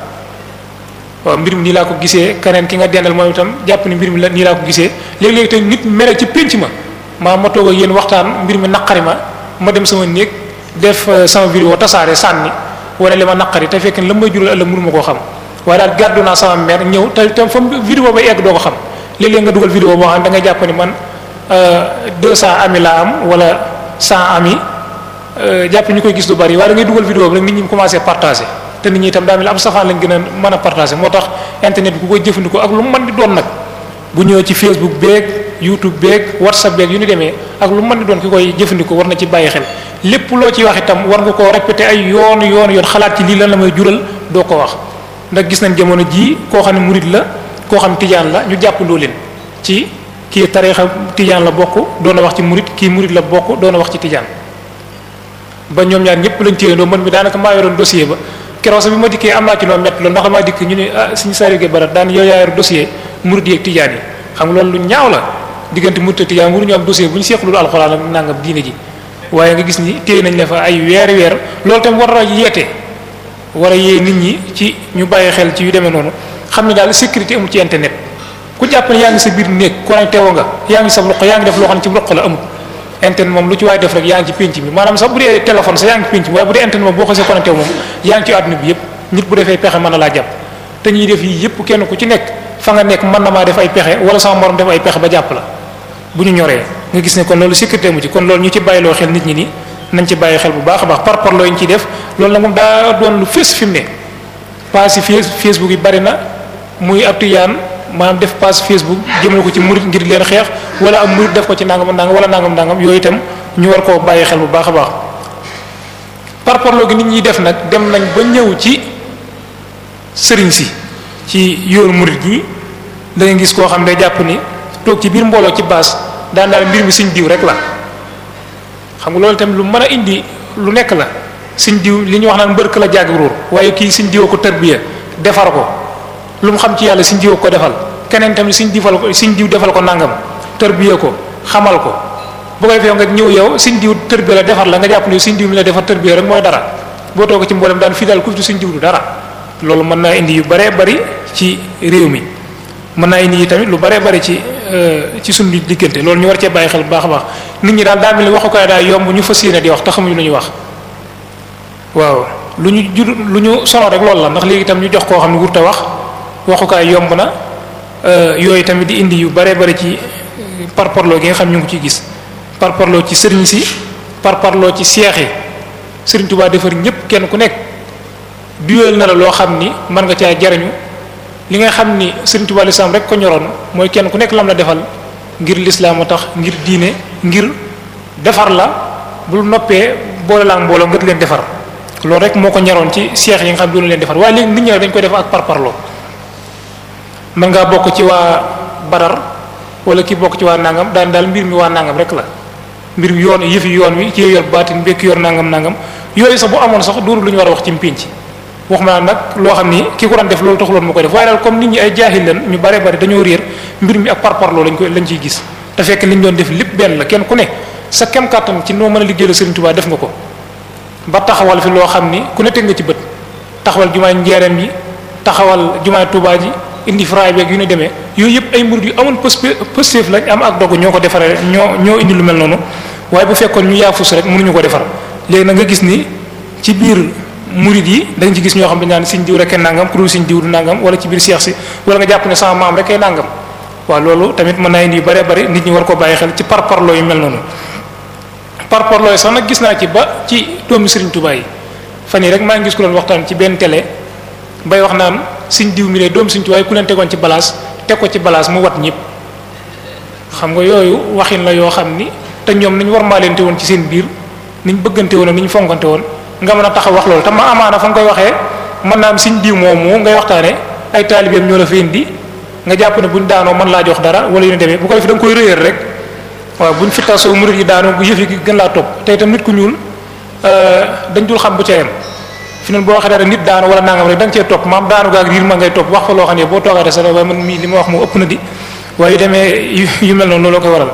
waaw mbir mi nii laa ko gisee keneen ki nga dendal moom itam jàpp ni mbir mi la nii laa ko gisee léeg-léeg te nit mere ci pénc ma maa ma toog ak yéen waxtaan mbir mi naqari ma ma dem sama néeg def euh, sama vidéo tasaare sànni wala li ma naqari te fekk la may jural ëllëg mënu ma koo xam waaye daal gàddu naa sama mer ñëw te te fa vidéo ba egg doo ko xam léeg-léeg nga dugal vidéo boo xam da ngay jàpp ni man 200 euh, ami wala 100 ami Euh, jàpp ñu koy gis lu bari waaye da ngay dugal vidéo bi rek nit ñi commencé partagé te nit ñi itam daa mel ab safaan lañ gën a mën a partagé moo tax internet bi ku koy jëfandikoo ak lu mu mën di doon nag bu ñëwee ci Facebook beeg YouTube beeg WhatsApp beeg yu ni demee ak lu mën di doon ki koy jëfandikoo war na ci bàyyi xel lépp loo ci wax war nga koo répété ay yoon yoon yoon xalaat ci lii lan la may jural doo ko wax ndax gis nañ jamono jii koo xam ne murid la koo xam ne la ñu jàppandoo leen ci kii tariixa tijaan la bokk doon na wax ci murit kii murit la bokk doon na wax ci tijaan ba ñoom ñaar ñëpp lañ téyandoo man mi daanaka maa yoroon dossier ba keroog sax bi ma dikkee am naa ci loolu métti loolu ndax damaa dikk ñu ne ah suñu sarige bara daan yow yaa yor dossier murid yeeg tijaan yi xam nga loolu lu ñaaw la diggante murid tijaan waruñu am dossier bu ñu seeqlul alxuraan ak nangam diine ji waaye nga gis ni téye nañ la fa ay weer weer loolu tam war a yeete war a yee nit ñi ci ñu bàyyi xel ci yu demee noonu xam ne daal sécurité amul ci internet ku jàpp ne yaa ngi sa biir néeg ku ne teewoo nga yaa ngi sa loxo yaa ngi def loo xam ne ci loxo la amul internet moom lu ci waay def rek yaa ngi ci pénc bi maanaam sax bu dee téléphone sax yaa ngi ci dee internet moom boo xasee connecté àdduna bi yëpp nit bu defee pexe mën na laa jàpp te ñuy def yi yëpp kenn ku ci nekk fa nga nekk mën na maa def ay pexe wala sama morom def ay pexe ba jàpp la bu ñu ñoree nga gis ne kon loolu sécurité mu ci kon loolu ñu ci bàyyiloo xel nit ñi ni nañ ci bàyyi xel bu baax a baax par par looy ñu ciy def loolu nag moom daa doon lu fés mu ne pass yi Facebook yi bari na muy ab tiyaan maanaam def page Facebook jëmale ko ci murit ngir leen xeex wala am murit def ko ci nangam nangam wala nangam nangam yooyu tam ñu war koo bàyyi xel bu baax a baax par parloo gi nit ñi def nag dem nañ ba ñëw ci sëriñ si ci yoonu murit gi da gis koo xam ne jàpp ni toog ci biir mbooloo ci baas daan daal mbir mi suñ diw rek la xam nga loolu itam lu mën a indi lu nekk la suñ diw li ñu wax naan mbërk la jàgg ruur waaye kii suñ diw ko tërbiya defar ko lu mu xam ci yàlla suñ jiw ko defal keneen tamit suñ difal ko suñ jiw defal ko nangam tërbiyee ko xamal ko boo ko defee nga ñëw yow suñ jiw tërbiyee la defar la nga jàpp ne suñ jiw mi la defar tërbiyee rek mooy dara boo toog ci mboolem daan fii daal ku ci suñ jiw du dara loolu mën naa indi yu baree bari ci réew mi mën naa indi tamit lu baree bari ci euh, ci suñu diggante loolu ñu war cee bàyyi xel baax a baax nit ñi daal daa mel ni waxukaay daal yomb ñu fas yéene di wax te xamuñu lu ñu wax waaw lu ñu jur lu ñu solo rek loolu la ndax léegi itam ñu jox koo xam ne wurta wax waxukaay yomb na euh, yooyu tamit di indi yu bare bare ci parparloo gi nga xam ñu ngi ci gis parparloo ci sëriñ si parparloo ci seex yi sëriñ Tuubaa defar ñépp kenn ku nekk duweel na la loo xam ni mën nga caa jariñu li ngay xam ni sëriñ Tuubaa lislaam rek ko ñoroon mooy kenn ku nekk lam la defal ngir lislaam tax ngir diine ngir defar la bul noppee boole la mbooloo nga leen defar loolu rek moo ko ñoroon ci seex yi nga xam ne doon leen defar waaye léegi nit dañ koy def ak parparloo mën ngaa bokk ci waa badar wala ki bokk ci waa nangam daan daal mbir mi waa nangam rek la mbir mi yoon yëfi yoon wi ci yor baatin bekk yor nangam nangam yooyu sax bu amoon sax duuru lu ñu war a wax ci mpinc wax ma nag loo xam ni ki ko doon def loolu taxuloon mu koy def waaye daal comme nit ñi ay jaahil lan ñu bare bare dañoo réer mbir mi ak parparloo lañ koy lañ ciy gis te fekk liñ doon def lépp benn la kenn ku ne sa kem kàttan ci noo mën a liggéeyal Sëriñ Tuubaa def nga ko ba taxawal fi loo xam ni ku ne teg nga ci bët taxawal jumaay njeereem yi taxawal jumaay Tuubaa ji indi fraay beeg yu ne demee yooyu yëpp ay murid yu amoon positif lañ am ak dogu ñoo ko defaree ñoo ñoo indi lu mel noonu waaye bu fekkoon ñu yaafus rek mënuñu ko defar léegi nag nga gis ni ci biir murid yi da ci gis ñoo xam ne naan siñ diw rek nangam ku dul siñ diw du wala ci biir seex si wala nga jàpp ne sama maam rek ay nangam waaw loolu tamit mën naa indi yu bare bari nit ñi war koo bàyyi xel ci par parloo yu mel noonu par parloo yi sax nag gis naa ci ba ci doomi Serigne Touba yi fan yi rek maa ngi gis ku doon waxtaan ci benn télé bay wax naan suñ diw mi ne doom suñ tuwaay ku leen tegoon ci balaas teg ko ci balaas mu wat ñëpp xam nga yooyu waxin la yoo xam ni te ñoom ni ñu war maalente woon ci seen biir ni ñu bëggante woon ni ñu fonkante woon nga mën a tax a wax loolu te ma amaana fa nga koy waxee mën naa am suñ diw moomu ngay waxtaane ay taalibeem ñoo la fi indi nga jàpp ne bu ñu daanoo mën laa jox dara wala yu ne demee bu ko defee da koy réyal rek waaw buñ fi tasoo murid yi daanoo bu yëf yi gën laa topp te itam ku ñuul euh, dañ dul xam bu ca yem fi neen boo waxee dara nit daanu wala nangam rek da nga cee topp maam daanu gaag riir ma ngay topp wax ko loo xam ne li ma wax moo ëpp na di waaye yu demee yu mel noonu looloo koy waral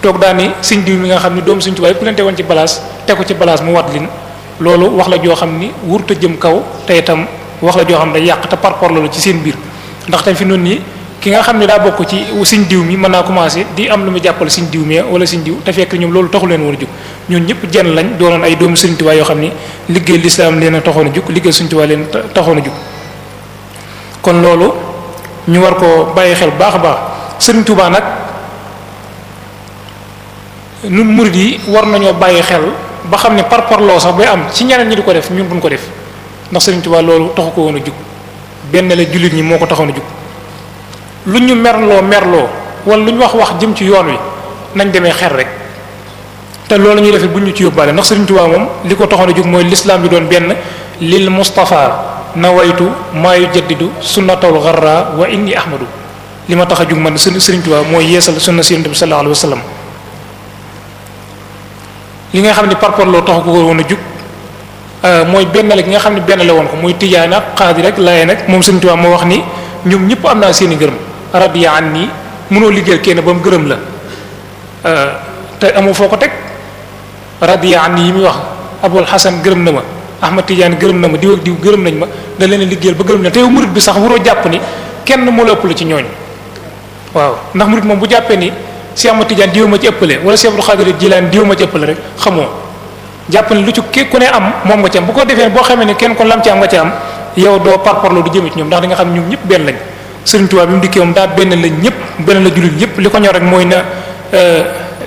toog daan ni sëñ diw mi nga xam ne doomu sëñ Tuubaa yëpp leen tegoon ci place teg ko ci place mu wat lin loolu wax la joo xam ni wurta jëm kaw te tam wax la joo xam ne day yàq te par rapport loolu ci seen biir ndax tam fi noonu nii ki nga xam ne daa bokk ci siñ diw mi mën naa commencé di am lu mu jàppal siñ diw mi wala siñ diw te fekk ñoom loolu taxu leen woon a jóg ñun ñëpp jenn lañ doonoon ay doomu Sëriñ yoo xam ni liggéey lislaam leen a taxoon a jóg liggéey Sëriñ Tuubaa leen loolu ñu war koo bàyyi xel baax a baax Sëriñ Tuubaa nag ñun murid yi war nañoo bàyyi xel ba xam ne par parloo sax bay am ci ñeneen ñi di ko def ñun buñ ko def ndax Sëriñ Tuubaa loolu taxu ko woon a jug benn la jullit ñi moo ko taxoon a jóg lu ñu merloo merloo wala lu ñu wax wax jëm ci yoon wi nañ demee xer rek te loolu ñuy defee bu ñu ci yóbbaale ndax Sëriñ Tuubaa moom li ko taxoon a jóg mooy lislaam bi doon benn lil Mustafa nawaytu maa yujaddidu sunnatul gharra wa inni ahmadu li ma tax a jóg man Sëriñ Tuubaa mooy yeesal sunna si Yonent bi sallallahu alayhi nga xam ne par parloo taxu ko jug euh, mooy benn la ki nga xam ne benn la woon ko muy tijaan ak xaadir rek laayeen ak moom Sëriñ Tuubaa moo wax ni ñoom ñëpp am naa seeni i gërëm rabbi an nii mënoo liggéey kenn ba mu gërëm la euh, te amoo foo ko teg rabbi an nii yi muy wax abul xasan gërëm na ma ahmad tidiane gërëm na ma diw diw gërëm nañ ma da leen liggéeyal ba gërëm la te yow bi sax waroo jàpp ni kenn moo la ëppale ci ñooñu waaw ndax murid moom bu jàppee ni si ahmad tidiane diw ma ci ëppale wala si abdul xaadir jilaan diw ma ci ëppale rek xamoo jàpp ni lu ci ku moom nga ci am bu ko defee boo xamee ne kenn ko lam ci am nga ci am yow doo parparloo du jëme ci ñoom ndax di nga xam ñoom ñëpp benn lañ Sëriñ Tuubaa bi mu dikkee moom daa benn la ñëpp benn la jullit ñëpp li ko ñor mooy na euh,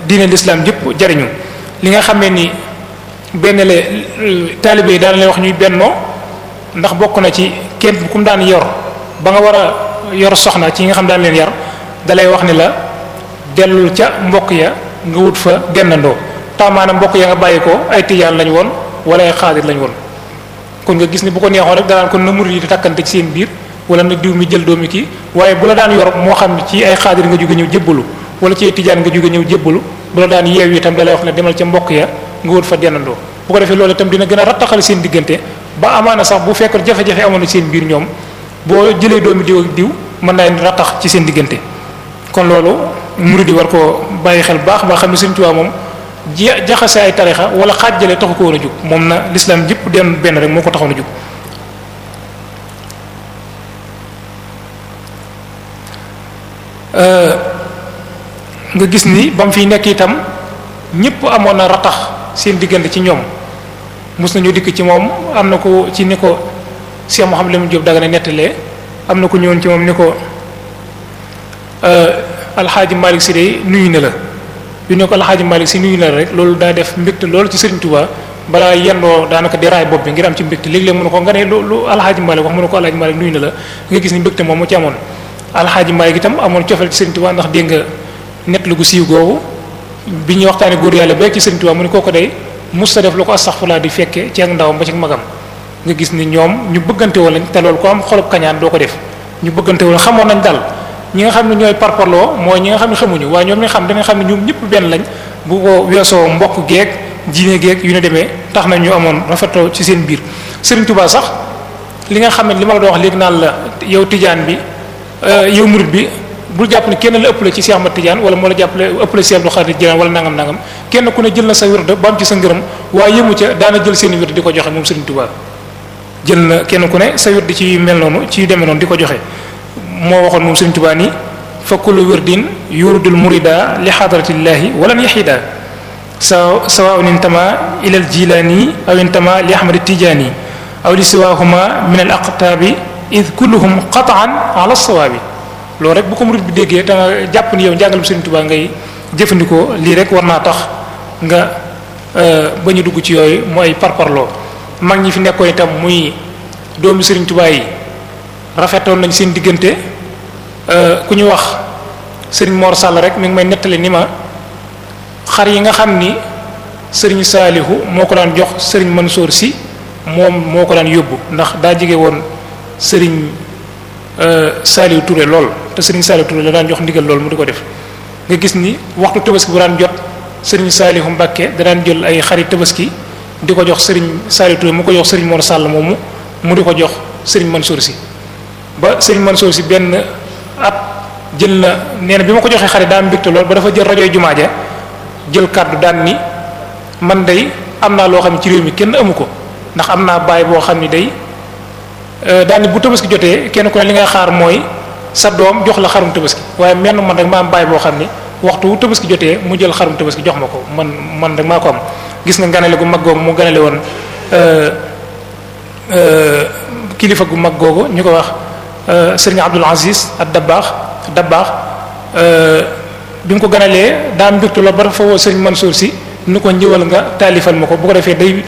diine lislaam yépp jariñu li nga xamee ni benn la taalibe yi daan lay wax ñuy bennoo ndax bokk na ci képp ku mu daan yor ba nga war a yor soxna ci nga xam daan leen yar dalay wax ni la dellul ca mbokk ya nga wut fa dendandoo taw maanaam mbokk ya nga bàyyi ko ay tijaan lañu woon wala ay xaadir lañ woon kon nga gis ni bu ko neexoon rek danaan kon na murid yi di takkante biir wala na diw mi jël doomi kii waaye bu la daan yor moo xam ci ay xaadir nga jóge ñëw jébbalu wala ci ay tijaan nga jóge ñëw jébbalu bu la daan yeew itam tam lay wax na demal ca mbokk ya nga wut fa dennandoo bu ko defee loolu itam dina gën a rattaxal seen diggante ba amaana sax bu fekkoon jafe-jafe amoon na seen biir ñoom boo jëlee doomi diw ak diw mën naa rattax ci seen diggante kon loolu murid di war koo bàyyi xel baax ba xam ne Sëriñ Tuubaa moom jaxase ay tarixa wala xaajale taxu ko woon a jóg moom na l'islam jëpp den benn rek moo ko taxoon a jóg Euh, nga gis ni ba mu fiy nekk itam ñëpp amoon na ratax seen diggante ci ñoom mus nañu dikk ci moom am na ko ci ni ko xam Cheikh mu Lamine Diop Dagana nettalee am na ko ñëwoon ci moom ni ko euh, alxaaji Malick si nuyu na la yu ne ko alxaaji Malick rek loolu daa def mbégte loolu ci Serigne Touba balaa yendoo daanaka di raay bopp bi ngir am ci mbégte léeg-léeg mu ne ko nga ne lu alxaaji Malick wax mu ko alxaaji Malick nuyu na la nga gis ni mbégte moom mu ci amoon alxaaji Maalik itam amoon cofeel ci Sëriñ Tuubaa ndax dégg nga net lu gu siiw googu bi ñuy waxtaanee góor yàlla beeg ci Sëriñ Tuubaa mu ne kooku day musta def lu ko astaxfurlaa di fekkee ci ak ndawam ba ci magam nga gis ni ñoom ñu bëggante woon te loolu ko am xolub kañaan doo ko def ñu bëggante xamoon nañ daal ñi nga xam ne ñooy parparloo mooy ñi nga xam ne xamuñu waaye ñoom xam danañ xam ne ñoom ñëpp benn lañ bu ko weesoo mbokk geeg diine geeg yu ne demee tax na ñu amoon rafetoo ci seen biir Sëriñ Tuubaa sax li nga xam ne li ma la doon wax léegi naan la yow tijaan bi Euh, yow murid bi bul jàpp ne kenn la ëppale ci Cheikh Ahmad Tidiane wala moo la jàppale ëppale Cheikh Abdou Khadir Jilaan wala nangam nangam kenn ku ne jël na sa wirda ba am ci sa ngërëm waaye yëmu ca daana jël seen wirda di ko joxe moom Serigne Touba jël na kenn ku ne sa wirda ci mel noonu ci demee noonu di ko joxe moo waxoon moom Serigne Touba nii fa kullu wirdin yuridul murida li xadratillahi walan yaxida sa sawaun intama ilal jilani aw intama li ahmad tijaani aw li siwahuma min al aqtabi id kulluhum qataan ala sawaabi loolu rek bu ko murid bi déggee da nga jàpp ni yow njàngalem Sëriñ Tuubaa ngay jëfandikoo lii rek war naa tax nga euh, ba ñu dugg ci yooyu mooy parparloo mag ñi fi nekkoon itam muy doomi Sëriñ Tuubaa yi rafetoon nañ seen diggante euh, ku ñu wax Sëriñ Mor Sall rek mi ngi may nettali ni ma xar yi nga xam ni Sëriñ Saalihu moo ko daan jox Sëriñ Mansour si moom moo ko daan yóbbu ndax daa jege woon sëriñ euh, Saliou Touré lool te sëriñ Saliou Touré la daan jox ndigal lool mu di ko def nga gis ni waxtu tabaski bu daan jot sëriñ Saliou Mbacké da daan jël ay xarit tabaski di ko jox sëriñ Saliou Touré mu ko jox sëriñ Mor Sall moomu mu di ko jox sëriñ man Mansour si ba sëriñ man Mansour si benn at jël na nee bi ma ko joxee xarit daa mbégte lool ba dafa jël rajo jumaa ja jël kàddu daan ni man dey am naa loo xam ci réew mi kenn amu ko ndax am naa baay boo xam ni day Euh, daani bu tabaski jotee kenn ku ne li ngay xaar mooy sa doom jox la xarum tabaski waaye menn man rek maa am bàyyi boo xam ni waxtu wu tabaski jotee mu jël xarum tabaski jox ma ko man man rek maa ko am gis nga ganale gu mag googu mu ganale euh, euh, kilifa gu mag googu ñu ko wax sëriñ Abdul Aziz ak dabbaax dabbaax bi mu ko ganalee daa mbirtu la ba fa woo sëriñ Mansour si nu ko njëwal nga taalifal ma ko bu ko defee day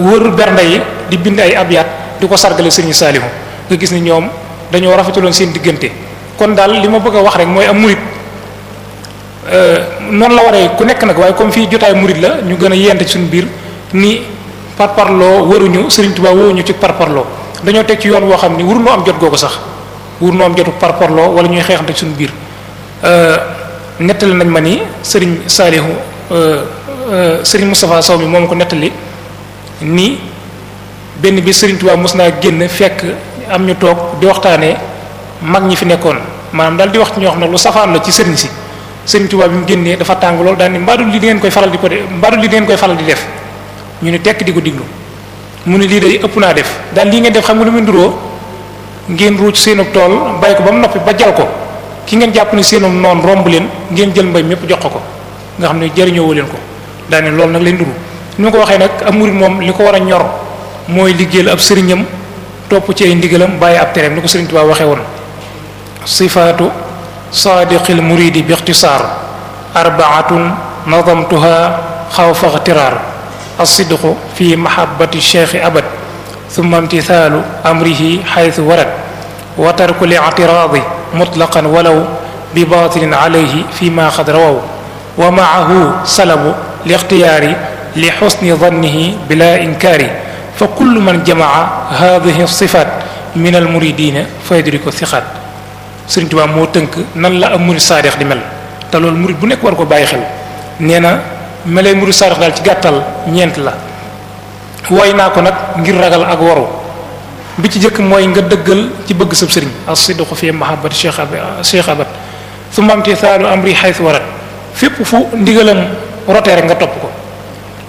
wër bernde yi di bind ay abyaat du ko sargale sëriñ Saalihu nga gis ni ñoom dañoo rafetuloon seen diggante kon daal li ma bëgg a wax rek mooy am murit euh, noonu la waree ku nekk nag waaye comme fii jotaay murit la ñu gën a yente suñu biir ni parparloo waruñu sëriñ Tuubaa wowuñu ci parparloo dañoo teg ci yoon woo xam ni wurunoo am jot googu sax wurunoo am jotu parparloo wala ñuy xeexante ci suñu biir euh, nettali nañ ma ni sëriñ Saalihu euh, sëriñ Moustapha Sow mi moom ko nettali ni benn bi Serigne Touba mos naa génn fekk am ñu toog di waxtaanee mag ñi fi nekkoon maanaam daal di wax ñoo xam ne lu safaan la ci Serigne si Serigne Touba bi mu génnee dafa tàng lool daal ni mbaadu li koy faral di ko de mbaadu li ngeen koy faral di def ñu ne tekk di diglu mu ne lii day ëpp naa def daal lii ngeen def xam nga lu ngeen ruuj seenu tool bàyyi ko ba mu noppi ba jal ko ki ngeen jàpp ne seenum noon romb leen ngeen jël mbay mépp jox ko ko nga xam ne jëriñoo leen ko daane loolu nag lay nduru ni ma ko waxee nag am murid moom li ko war a ñor mooy liggéeyal ab sëriñam topp ci ay ndigalam bàyyi ab tereem ni ko sëriñ Tuubaa woon sifaatu saadiqil muridi bi ixtisaar arbaatun nadamtuha xawfa ixtiraar alsidqu fi mahabati cheikhi abad thumma imtithaalu amrihi xaytu warad wa tarku liictiraadi mutlaqan walaw bi baatinin alayhi fi ma xad rawaw wa maahu salabu li li xusni dannihi bila inkaari fa kullu man jamaa hadihi sifat min al muridina fa ko siqat Sëriñ Tuubaa moo tënk nan la am murid saadex di mel te loolu murid bu nekk war ko bàyyi xel nee na melee murid saadex daal ci gàttal ñeent la woy naa ko nag ngir ragal ak waru bi ci jëkk mooy nga dëggal ci bëgg sab sëriñ as-sidqu fi mahabbati cheikh ab cheikh abat summa imtisaalu amri haythu warat fépp fu ndigalam rotee rek nga topp ko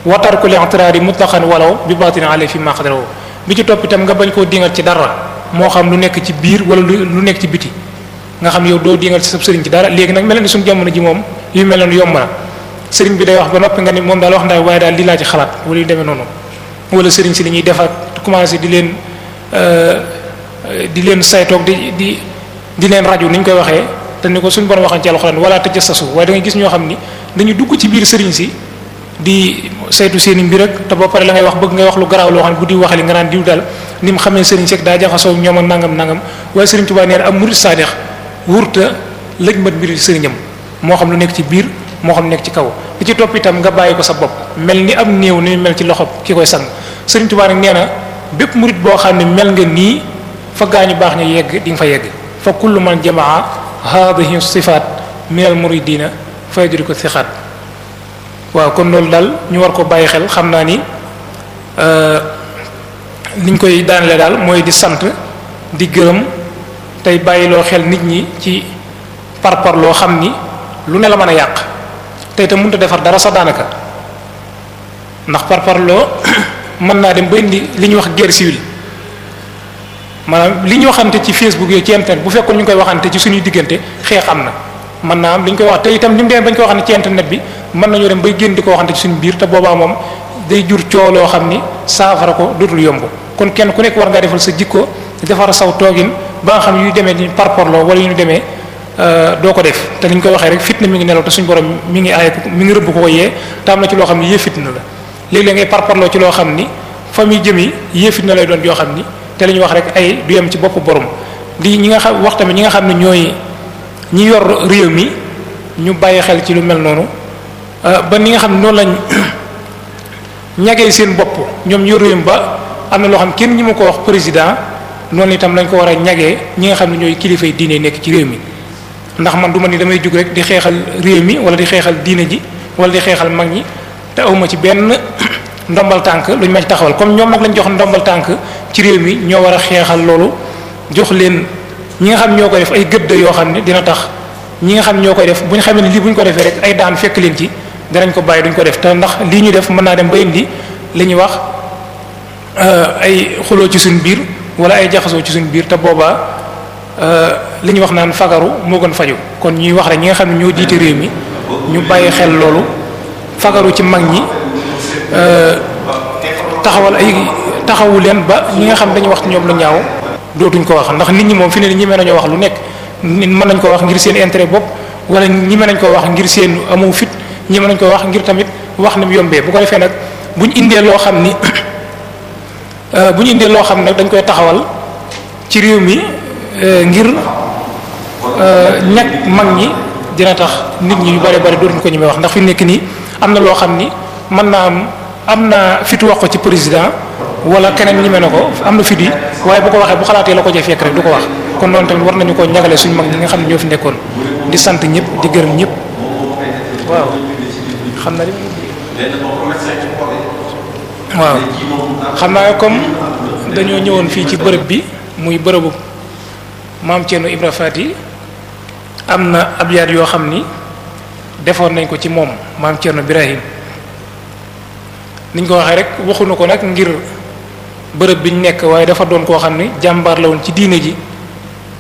wa tarku li i'tirari mutlaqan walaw bi batin alay fi ma qadarahu bi ci topp itam nga bañ koo dingal ci dara moo xam lu nekk ci biir wala lu nekk ci biti nga xam yow doo dingal ci sab sëriñ ci dara léegi nag mel na suñu jamono ji moom yu mel noonu yomb na sëriñ bi day wax ba noppi moom daal wax ndaay waaye daal lii laa ci xalaat wala yu wala sëriñ si li ñuy defar commencé di leen euh, di leen saytoog di di di leen rajo ni ñu koy waxee te ko suñu borom waxan ci alxuraan wala tajassasu waaye da ngay gis ñoo xam ni dañu dugg ci biir sëriñ si di saytu seen i mbir ak te boo pare la ngay wax bëgg ngay wax lu garaaw loo xam ne bu di waxali nga naan diw daal ni mu xamee sëriñ Seck daa jaxasoo ñooma ak nangam nangam waaye sëriñ Tuubaa nee na am murid saadex wurta lëj mat mbiri sëriñam moo xam lu nekk ci biir moo xam lu nekk ci kaw li ci topp itam nga bàyyi ko sa bopp mel ni am néew ni mel ci loxo ki koy sang sëriñ Tuubaa nag nee na bépp murid boo xam ne mel nga nii fa gaañu baax ñu yegg di nga fa yegg fa kullu man jamaa haadihi sifaat min al muridina fa yajri ko sixaat waaw kon loolu daal ñu war ko bàyyi xel xam naa ni liñ euh, koy daanale daal mooy di sant di gërëm tey bàyyiloo xel nit ñi ci par par loo xam ni lu ne la mën a yàq tey te mun a defar dara sax daanaka ndax par par loo mën naa dem ba indi li ñuy wax guerre civile maanaam li ñu waxante ci Facebook yooyu ci internet bu fekkoon ñu koy waxante ci suñuy diggante xeex am na mën naa am li ñu koy wax te itam ñu demee bañ koy wax ne ci internet bi mën nañoo dem bay génn di ko waxante ci suñu biir te boobaa moom day jur coow loo xam ni saafara ko dootul yomb kon kenn ku nekk war ngaa defal sa jikko defar saw toogin ba nga xam ne yu demee ni par parloo wala yu ñu demee euh, doo ko def te ni ñu ko waxee rek fitna mi ngi nelaw te suñu borom mi ngi aaye mi ngi rëbb ko ko yee te na ci loo xam ni yee fitna la léeg-léeg ngay par parloo ci loo xam ni fa muy jëm yi yee fitna lay doon yoo xam ni te li ñu wax rek ay du yem ci bopp borom li ñi nga xam wax tamit ñi nga xam ne ñooy ñi yor réew mi ñu bàyyi xel ci lu mel noonu. Euh, ba ni nga xam noonu lañ ñagee seen bopp ñoom ñu réew ba am na loo xam kenn ñi ma ko wax président noonu itam lañ ko war a ñagee ñi nga xam ne ñooy kilifa yi diine nekk ci réew mi ndax man du ma ni damay jóg rek di xeexal réew mi wala di xeexal diine ji wala di xeexal mag ñi te awma ci benn ndombal tànk luñ ma ci taxawal comme ñoom nag lañ jox ndombal tànk ci réew mi ñoo war a xeexal loolu jox leen ñi nga xam ñoo koy def ay gëdd yoo xam ne dina tax ñi nga xam ñoo koy def buñ xamee ne lii buñ ko defee ay daan fekk leen ci danañ ko bàyyi duñ ko def te ndax lii ñu def mën naa dem ba indi li ñuy wax euh, ay xuloo ci suñu biir wala ay jaxasoo ci suñu biir te boobaa euh, li ñu wax naan fagaru moo gën faju kon ñuy wax rek ñi nga xam ne ñoo jiite réew mi ñu bàyyi xel loolu fagaru ci mag ñi euh, taxawal ay taxawu leen ba ñi nga xam dañu wax ñoom lu ñaaw dootuñ ko wax ndax nit ñi moom fi ne ñi mën nañoo wax lu nekk mën nañ ko wax ngir seen intérêt bopp wala ñi mën nañ ko wax ngir seen amu fit ñi mën nañ ko wax ngir tamit wax na mu yombee bu ko defee nag bu ñu indee loo xam ni euh, bu ñu indee loo xam nag dañ koy taxawal ci réew mi euh, ngir euh, ñàkk mag ñi dina tax nit ñi ñu bare bare dootuñu ko ñemee wax ndax fi nekk nii am na loo xam ni mën naa am am na fit wax ko ci président wala keneen ñeme na ko am na fit yi waaye bu ko waxee bu xalaatee la ko jëfee rek du ko wax kon noonu tamit war nañu ko ñagale suñu mag ñi nga xam ne ñoo fi nekkoon di sant ñëpp di gërëm ñëpp xam na li muy comme dañoo ñëwoon fii ci bërëb bi muy bërëbu maam Thierno Ibra am na abyaat yoo xam ni defoon nañ ko ci moom maam Thierno Birahim niñ ko waxee rek waxu ko nag ngir bërëb bi ñu nekk waaye dafa doon koo xam ni jàmbaar la woon ci diine ji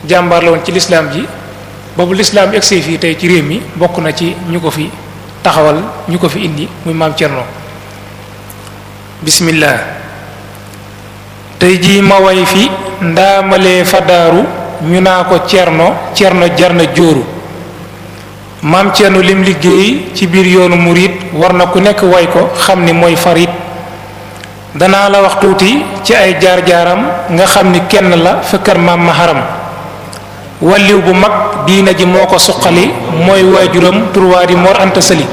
jàmbaar la woon ci lislaam ji boobu lislaam egsee fii tey ci réew mi bokk na ci ñu ko fi taxawal ñi ko fi indi muy maam Cerno bismillah tey jii ma way fi ndaamalee fa daaru ñu naa ko Cerno Cerno jar na jóoru maam Cerno lim liggéey ci biir yoonu murit war na ku nekk way ko xam ni mooy farit danaa la wax tuuti ci ay jaar jaaram nga xam ni kenn la fa kër maam maharam walliw bu mag diina ji moo ko suqali mooy waajuram turwaa di Mor Anta Sali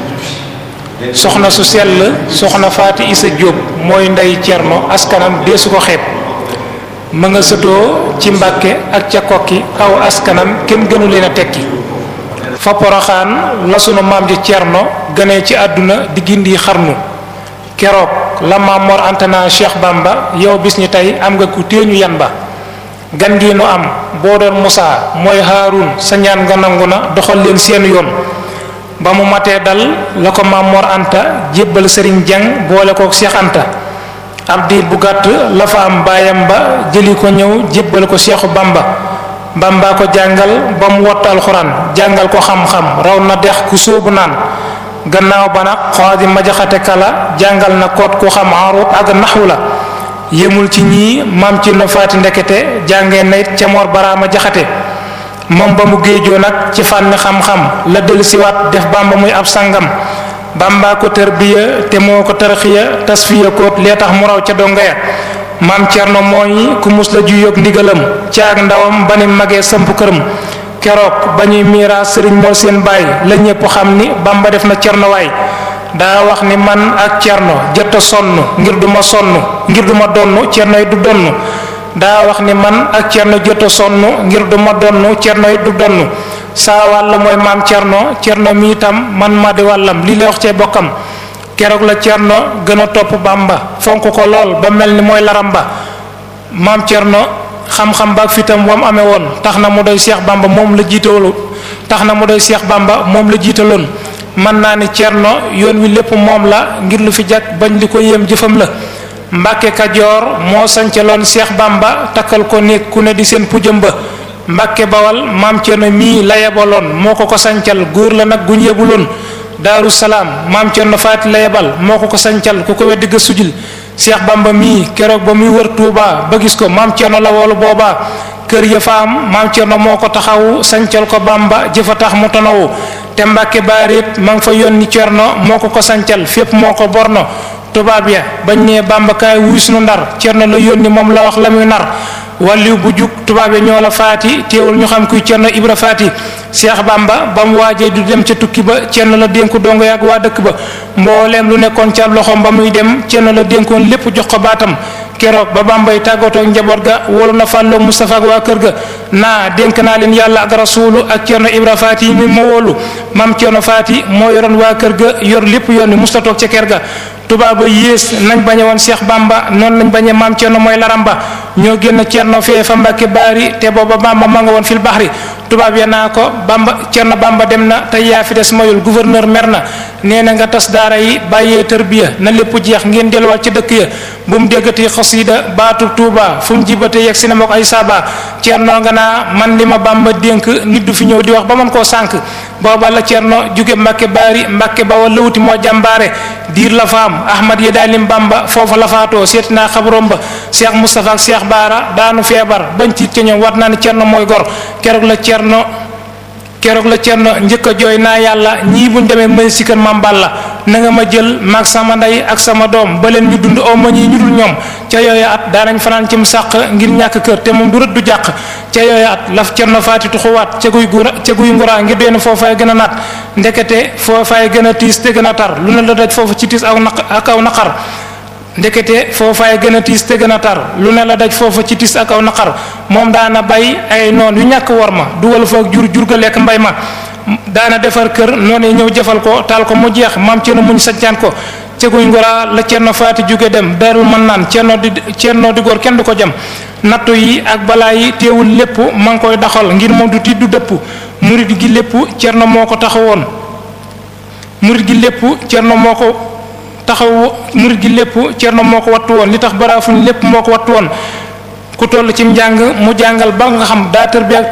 soxna su sell soxna Faati Isa Jóob mooy ndey Cerno askanam dee su ko xeeb ma nga sëtoo ci Mbàkke ak ca kokki aw askanam kenn gënu leen a tekki fa poroxaan la sunu maam ji Cerno gane ci àdduna di gindi xarnu keroog la maam Mor Anta naa Cheikh Bamba yow bis ñi tey am nga ku téeñu yan ba gan gi am boo doon Musaa mooy Haarun sa nga nangu na doxal leen seen yoon ba mu matee dal la ko Maam Mor Anta jébbal Sëriñ Jeng boole kook Seex Anta ab diir bu gàtt la fa am baayam ba jëli ko ñëw jébbal ko Seexu Bamba Bamba ko jàngal ba mu wot alxuraan jàngal ko xam-xam raw na dex ku sóobu naan gannaaw ba nag xaadi majaxate kala jàngal na kot ku xam arut ak naxwu la yemul ci ñii maam ci no ndekete jàngee na it Baraama Jaxate moom ba mu géejoo nag ci fànn xam-xam la dellu siwaat def bamba muy ab sangam bamba ko tarbiya te moo ko tarxiya tasfiya ko lee tax mu raw ca donga ya maam Cerno mooy ku mus la juyoog ndigalam caag ndawam ba ni magee samp këram keroog ba ñuy miiraas sëriñ moo seen baay la ñépp xam ni bamba def na cernowaay daa wax ni man ak cerno jëtta sonn ngir du ma sonn ngir du donn cerno yi du donn daa wax ni man ak cerno jëtta sonn ngir du ma donn cerno yi du donn saa wàll mooy maam cerno cerno mi itam man ma di wàllam lii lay wax cee bokkam keroog la cerno gën a topp bàmba fonk ko lool ba mel ni mooy laram ba maam cerno xam-xam ba ak fitam wam amee tax na mu doy seex bàmba moom la jiitalu tax na mu doy seex bàmba moom la jiitaloon man naa ne Cerno yoon wi lépp moom la ngir lu fi jag bañ li ko yem jëfam la Mbàkke Kajoor moo sancaloon Seex Bàmba takkal ko néeg ku ne di seen pujëm ba Mbàkke Bawal maam Cerno mii la yebaloon moo ko ko sancal góor la nag guñ yebuloon Daaru Salaam maam Cerno Faati la yebal moo ko ko sancal ku ko weddi ga sujil Seex Bàmba mii keroog ba muy wër Tuubaa ba gis ko maam Cerno la woolu boobaa kër ya fa am maam Cerno moo ko taxawu sancal ko Bàmba jëfa tax te Mbàkke baar it ma nga ni yónni Cerno moo ko ko sancal fépp moo ko borno tubaab ya bañ nee bambakaay wuus nu ndar Cerno la yónni moom la wax la muy nar wàlliw bu jug tubaab ya ñoo la faati teewul ñu xam kuy Cerno Ibra faati Seex Bamba ba mu waajee du dem ca tukki ba Cerno la dénku dongo yaak waa dëkk ba mbooleem lu nekkoon ca loxoom ba muy dem Cerno la dénkoon lépp jox ko baatam keroog ba bambay tàggatoo njaboot ga wolu na fàllo Mustafa ak waa kër ga naa dénk naa leen yàlla ak rasuulu ak Ceerno Ibra Faati mi ma wóolu maam Ceerno Faati moo yoroon waa kër ga yor lépp yoon wi musta ca kër ga tubaaba yées nañ bañe woon Cheikh Bamba noonu lañ bañe maam Cerno mooy laramba ñoo génn Cerno fee fa Mbàkke baari te booba Bamba ma nga woon fil baxri tubaab ya naa ko Bamba Cerno Bamba dem na tey yaa fi des mayul gouverneur mer na nee na nga tas daara yi bàyyee tërbiya na lépp jeex ngeen delluwaat ci dëkk ya bu mu déggati xasida baatu tuuba fu mu jibate yegg si na ma ko ay saaba Cerno nga naa man li ma Bamba dénk nit du fi ñëw di wax ba man koo sànk booba la Cerno jóge Mbàkke Baari Mbàkke Bawal la wuti moo jàmbaare diir la faam ahmad yi daalim bamba foofa la faatoo seeti naa xabrom ba Cheikh Moustapha ak Cheikh Baara daanu feebar bañ tiit ca ñoom war naa ne Cerno mooy gor keroog la no keroog la Cerno njëkk jooy naa yàlla ñii bu demee mën si kër Maam Balla na ma jël maag sama ndey ak sama doom ba leen ñu dund aw ma ñii ñu dul ñoom ca yooya at daanañ fanaan cim sàq ngir ñàkk kër te moom du rët du jàq ca yooya at laf Cerno faati tuxuwaat ca guy gura ca guy nguraa ngir deen foofaay gën a naat ndekete foofaay gën a tiis te gën a tar lu ne la daj foofu ci tiis aw naq ak aw naqar ndekete foofaay gën a tiis te gën a tar lu ne la daj foofa ci tiis ak aw naqar moom daana bay ay noon yu ñàkk war ma dugal fa jur jur ga lekk mbay ma daana defar kër noonu yi ñëw jëfal ko taal ko mu jeex maam ceerno muñ sañcaan ko ceguñ ngora la ceerno faati jóge dem darul man naan ceerno di ceerno di góor kenn du ko jam nattu yi ak balaa yi teewul lépp ma ngi koy daxal ngir moom du tiit du dëpp murit gi lépp ceerno moo ko taxawoon murit gi lépp taxawu murid gi lépp Cerno moo ko wattu woon li tax baraafuñ lépp moo ko wattu woon ku toll ci njàng mu jàngal ba nga xam daa tër bi ak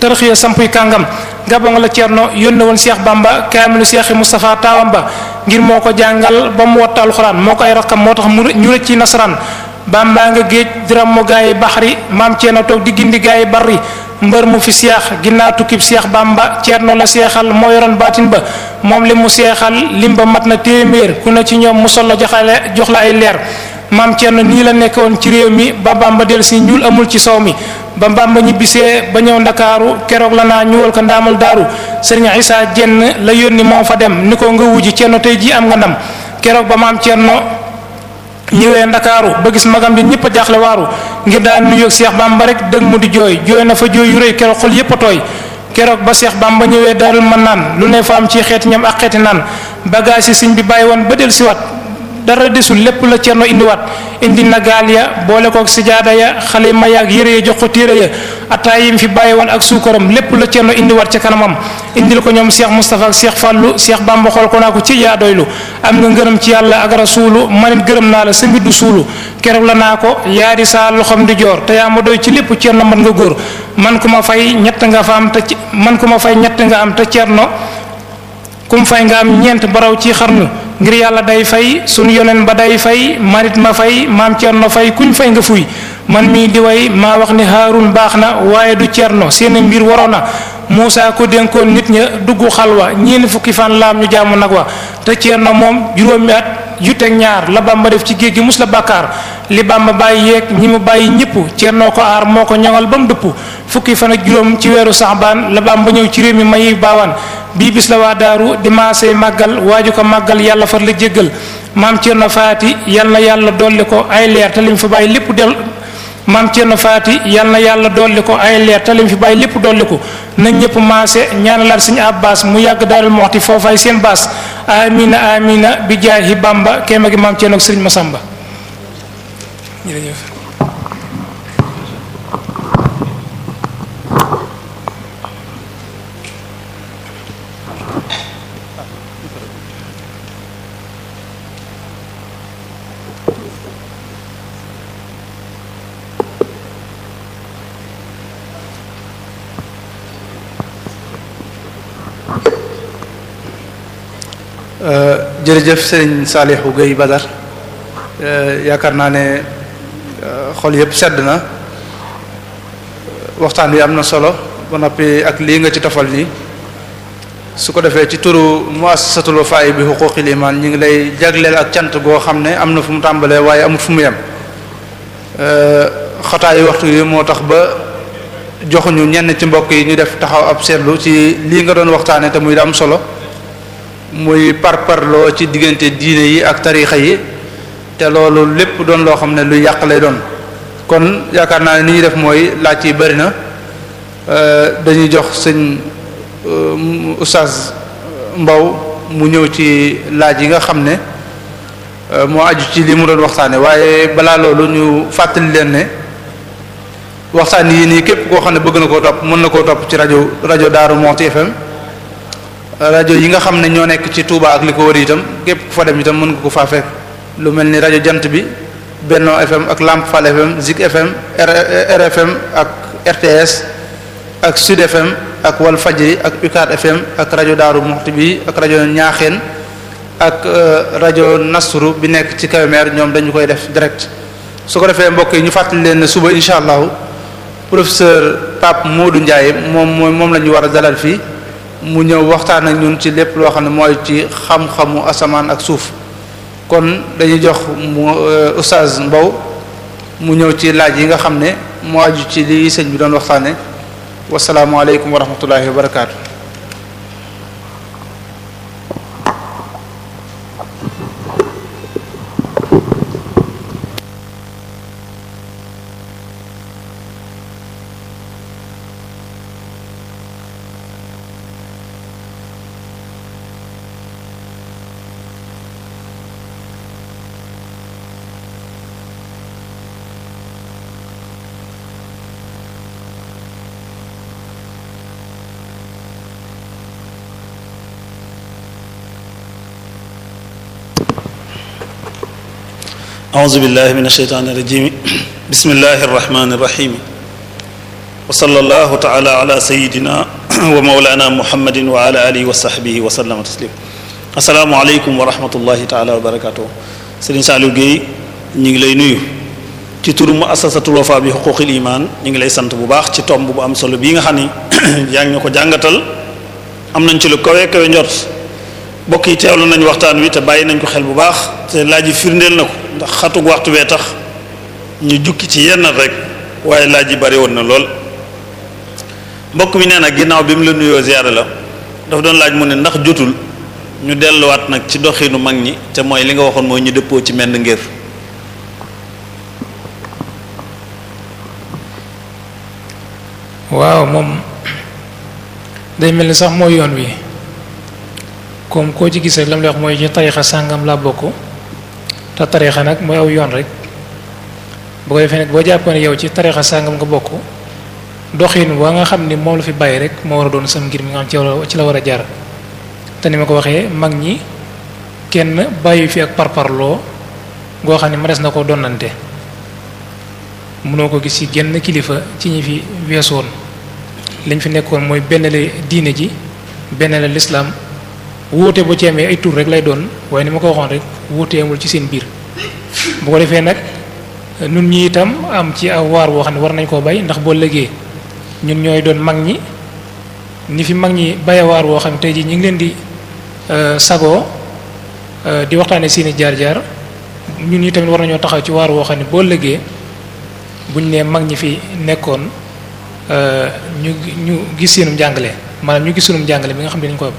tarxiya sampuy kàngam gabon la Cerno yónne woon Cheikh Bamba kaamilu Cheikh Moustapha taawam ba ngir moo ko jàngal ba mu wattu alxuraan moo ko ay rakam moo tax mu ñu rëcc ci nasaraan bambaa nga géej diram mo gaay baxri maam Cerno toog diggindi gaay barri mbër mu fi seex ginnaaw tukkib seex bàmba ceerno la seexal moo yoroon baatin ba moom li mu seexal lim ba mat na téeméer ku ne ci ñoom mu solo joxale jox la ay leer maam ceerno nii la nekkoon ci réew mi ba bàmba del si ñuul amul ci soow mi ba mbamba ñibbisee ba ñëw ndakaaru keroog la naa ñuwal ko ndaamul daaru sëriñ Isaa jenn la yónni moom fa dem ni ko nga wujji ceerno tey ji am nga ndam keroog ba maam ceerno ñëwee ndakaaru ba gis magam bi ñëpp a jaaxle waaru ngir daan nuyoog Seex Bàmba rek dëgg mu di jooy jooy na fa jooy yu rëy keroog xol yëpp a tooy keroog ba Seex ba ñëwee daarul man naan lu ne fa am ci xeet ñam ak xeeti naan bagage yi sëñ bi bàyyi woon ba del siwaat dara desu lépp la cerno indiwaat indi na gaal ya boole kook sijaada ya xalima ya ak yére ya jox ko téere ya ataay fi bàyyi woon ak suukaram lépp la cerno indiwaat ca kanamam indil ko ñoom seex Moustapha ak Cheikh seex Cheikh Bamba xool ko naa ko ci yaa doylu am nga ngërëm ci yàlla agara rasuulu manit gërëm naa la sa mbir du la naa ko yaari saa loxam di joor te ma doy ci lépp cerno man nga góor man ko ma fay ñett nga fa am te man ko ma fay ñett nga am te cerno kum fay nga am ñeent baraw ci xarnu ngir yàlla day fay sunu yonen ba day fay manit ma fay maam ma fay kuñ fay nga fuy man mii diway way maa wax ne Haarun baax na waaye du Cerno seen mbir waroon na Muusaa ko dénkoon nit ña dugg xalwa ñeent fukki fan laam ñu jàmm nag wa te Cerno moom juróom juróomi at yu te ñaar la Bàmba def ci géej gi mus la bàkkaar li Bàmba bàyyi yeeg ñi mu bàyyi ñëpp Cerno ko aar moo ko ñoŋal ba mu dëpp fukki fan ak juróom ci weeru sax saxbaan la ba ñëw ci réew mi mayi baawaan bii bis la waa daaru di maasee màggal waaju ko màggal yàlla far la jéggal maam Cerno faati yal na yàlla dolli ko ay leer te liñ fa bàyyi lépp del maam Thierno Faati yal na yàlla dolli ko ay leer talim fi bàyyi lépp dolli ko nañ ñëpp maase ñaanalaat suñu abbas mu yàgg moo Muxti foofaay seen baas amina amina bi jaahi Bamba kéema gi maam Thierno ak Sëriñ Masamba jërëjëf jërëjëf sëriñ Salihu Gueye Badar eh, yaakaar naa ne eh, xol yëpp sedd na waxtaan wi am na solo ba noppi ak lii nga ci tofal nii su ko defee ci turu muassasatul wafa'i bi huquqil iman ñu ngi lay jagleel ak cant goo xam ne am na fu mu tàmbalee waaye amul fu mu yem eh, xataayu waxtu yi moo tax ba joxuñu ñenn ci mbokk yi ñu def taxaw ab seetlu ci lii nga doon waxtaane te muy da am solo muy par parloo ci diggante diine yi ak tarixa yi te loolu lépp doon loo xam ne lu yàq lay doon kon yaakaar naa ne ni ñuy def mooy laaj yi bari na euh, dañuy jox sëñ euh, oustaz Mbaw mu ñëw ci laaj yi nga xam ne euh, moo aju ci li mu doon waxtaane waaye balaa loolu ñu fàttali leen ne waxtaan yi nii képp koo xam ne bëgg na ko topp mën na koo topp ci rajo rajo Daaru Muxti FM rajo yi nga xam ne ñoo nekk ci Touba ak li ko wër itam képp ku fa tam itam mën nga ko faa lu mel ni rajo jant bi Benno FM ak Lamp Fall FM Zik FM RFM ak RTS ak Sud FM ak Wal Fajri ak UCAD FM ak rajo Daaru Muxti bi ak rajo Ñaaxeen ak euh, rajo Nasru bi nekk ci Kébémer ñoom dañu koy def direct su ko defee mbokk yi ñu fàttali leen suba incha allahu professeur Pape Modou Ndiaye moom mooy moom la ñu war a dalal fii mu ñëw waxtaan ak ñun ci lépp loo xam ne mooy ci xam-xamu asamaan ak suuf kon dañuy jox mu euh, oustaz Mbow mu ñëw ci laaj yi nga xam ne moo aju ci li sëñ bi doon waxtaane wasalaamualeykum wa rahmatullahi wa barakaatu. a بالله من الشيطان الرجيم بسم الله الرحمن الرحيم وصلى الله تعالى على سيدنا ومولانا محمد وعلى wa rahmatullahi taala wa barakaatu Serigne Saliou Guèye ñu ngi lay nuyu ci turu mu asasatul wafa bi xuquqil iman ñu ngi lay sant bu baax ci tomb bu am solo bii nga xam ni yaa ngi ñu ko jàngatal am nañ lu kawe kawe njort mbokk yi teewlu nañ waxtaan wi te bàyyi nañ ko xel bu baax te laaj yi firndeel na ko ndax xatug waxtu wee tax ñu jukki ci yenn rek waaye laaj yi bari woon na lool mbokk mi nee na ginnaaw bi mu la nuyoo ziyaara la dafa doon laaj mu ne ndax jotul ñu delluwaat nag ci doxinu mag ñi te mooy li nga waxoon mooy ñu dëppoo ci menn ngir waaw moom day mel ni sax mooy yoon wi comme koo ci gis rek lam lay wax mooy ci tarixa sàngam laa bokk te tarixa nag mooy aw yoon rek bu ko defee boo jàppee yow ci tarixa sàngam nga bokk doxin waa nga xam ni moom la fi bàyyi rek moo war a doon sam ngir mi nga xam ci ci la war a jar te ni ma ko waxee mag ñi kenn bàyyi fi ak parparloo goo xam ne ma des na ko donnante mënoo ko gis ci genn kilifa ci ñi fi weesoon liñ fi nekkoon mooy benn diine ji benn lislaam wuute bu ci amee ay tur rek lay doon waaye ni ma ko waxoon rek wuute ci seen biir bu ko defee nag nun ñi itam am ci aw waar woo xam ne war nañ koo bay ndax boo lëgee ñun ñooy doon mag ñi ni fi mag ñi baye waar woo xam ne tey jii ñu ngi leen di euh, sagoo euh, di waxtaanee seeni jaar-jaar ñun ñi tamit war nañoo taxaw ci waar woo xam ne boo lëgee buñ nee mag ñi fi nekkoon euh, ñu ñu gis seenum njàngale maanaam ñu gis sunum njàngale bi nga xam ne dañu ko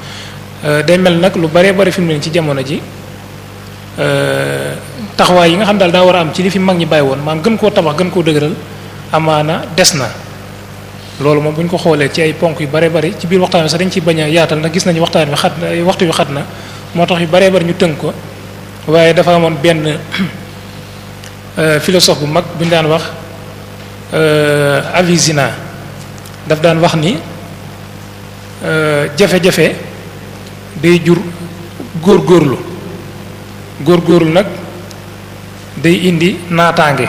Euh, day mel nag lu baree bari fi mu ne ci jamono ji euh, taxawaay yi nga xam daal daa war a am ci li fi mag ñi bàyyi woon maam gën koo tabax gën koo dëgëral amaana des na loolu moom bu ñu ko xoolee ci ay ponk yu baree bari ci biir waxtaan wi sax dañ ciy bañ a yaatal nag gis nañu waxtaan wi xat waxtu wi xat na moo tax yu baree bari ñu tënk ko waaye dafa amoon benn euh, philosophe bu mag bu ñu daan wax Avicenne daf daan wax ni jafe-jafe day jur góor góorgóorlu nag day indi naataange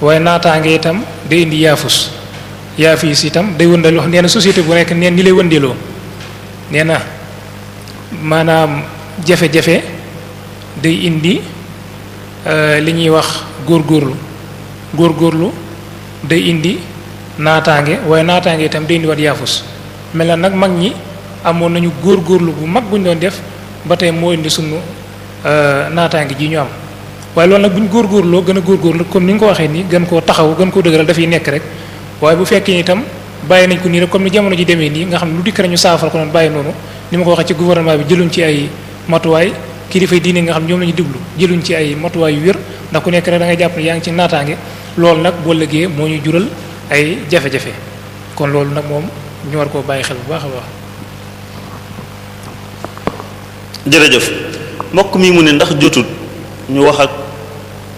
waaye naataange itam day indi yaafus yaafus itam day wëndal wax nee na bu nekk neen ni lay wëndeeloo nee na maanaam jafe-jafe day indi euh, li ñuy wax góor góorlu góor góorlu day indi naataange waaye naataange itam day indi wat yaafus mel na nag mag ñi amoon nañu góor góorgóorlu bu mag bu ñu doon def ba tey moo indi sunu euh, naataange ji ñu am waaye loolu nag bu ñu góorgóorloo gën a góorgóorlu comme ni nga ko waxee nii gën koo taxaw gën koo dëgëral dafay nekk rek waaye bu fekkee itam bàyyi nañ ko nii rek comme ni jamono ji demee nii nga xam lu dikk rek ñu saafara ko noonu bàyyi noonu ni ma ko waxee ci ay matuwaay kilifa diine nga xam ñoom la ñu déglu jëluñ ci ay matuwaay yu wér ndax ku nekk rek dangay jàpp ne yaa ngi ci naataange loolu nag boo lëgee moo ñu jural ay jafe-jafe kon loolu nag moom ñu war koo bàyyi xel bu baax a baax jërëjëf mbokk mi mu ne ndax jotut ñu wax ak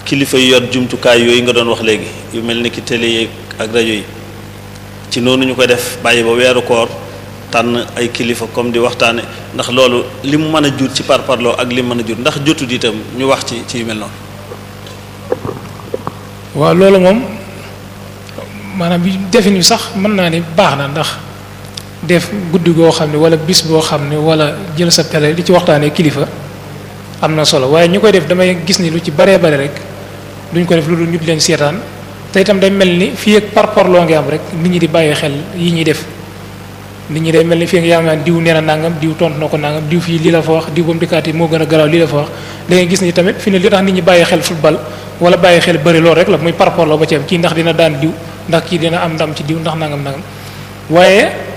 kilifa yu yor jumtukaay yooyu nga doon wax léegi yu mel ni ki télé yeeg ak rajo yi ci noonu ñu ko def bàyyi ba weeru koor tànn ay kilifa comme di waxtaane ndax loolu li mu mën a jur ci parparloo ak li mën a jur ndax jotut itam ñu wax ci ci yu mel noonu. waaw loolu moom maanaam bi defin bi sax mën naa ni baax na ndax. def guddi goo xam ne wala bis boo xam ne wala jël sa télé di ci waxtaanee kilifa am na solo waaye ñu koy def damay gis ni lu ci baree bare rek duñ ko def lu dul ñu di seetaan te itam day mel ni fii ak par par loo ngi am rek nit ñi di bàyyi xel yi ñuy def nit ñi day mel ni fii ak yaa nee na nangam diw tontu na ko nangam diw fii lii la fa wax diw ba mu dikkaati gën a garaaw lii la fa wax da gis ni tamit fi ne li ñi bàyyi xel football wala bàyyi xel bëri loolu rek la muy par loo ba ci am kii ndax dina daan diw ndax kii dina am ndam ci diw ndax nangam nangam waaye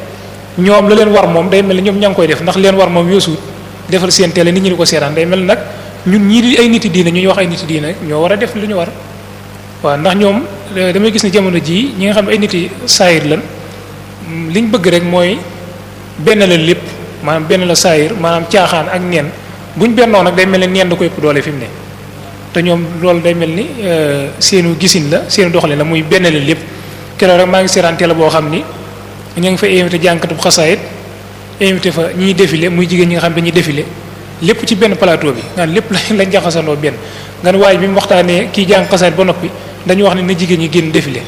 ñoom la leen war moom day mel ni ñoom ña ngi koy def ndax leen war moom yoosuut defal seen télé nit ñi di ko seetaan day mel nag ñun ñii di ay niti diine ñu ñuy wax ay niti diine ñoo war a def lu ñu war waaw ndax ñoom eh, damay gis ne jamono jii ñi nga xam ne ay niti saayir lan liñ bëgg rek mooy benn la lépp maanaam benn la saayir maanaam caaxaan ak neen buñ bennoo nag day mel ni neen da ko doole fi mu ne te ñoom loolu day mel ni eh, seenu gisin la seenu doxalin la muy benn la lépp keroog maa ngi seetaan télé boo xam ni ñu ngi fa invité jànkatub xasaayit invité fa ñiy defilee muy jigéen ñi nga xam dañuy défilé lépp ci benn plateau bi nga lépp lañ jaxasandoo benn nga ne waaye bi mu waxtaanee kii jàng xasaayit ba noppi dañu wax ne na jigéen ñi génn défilé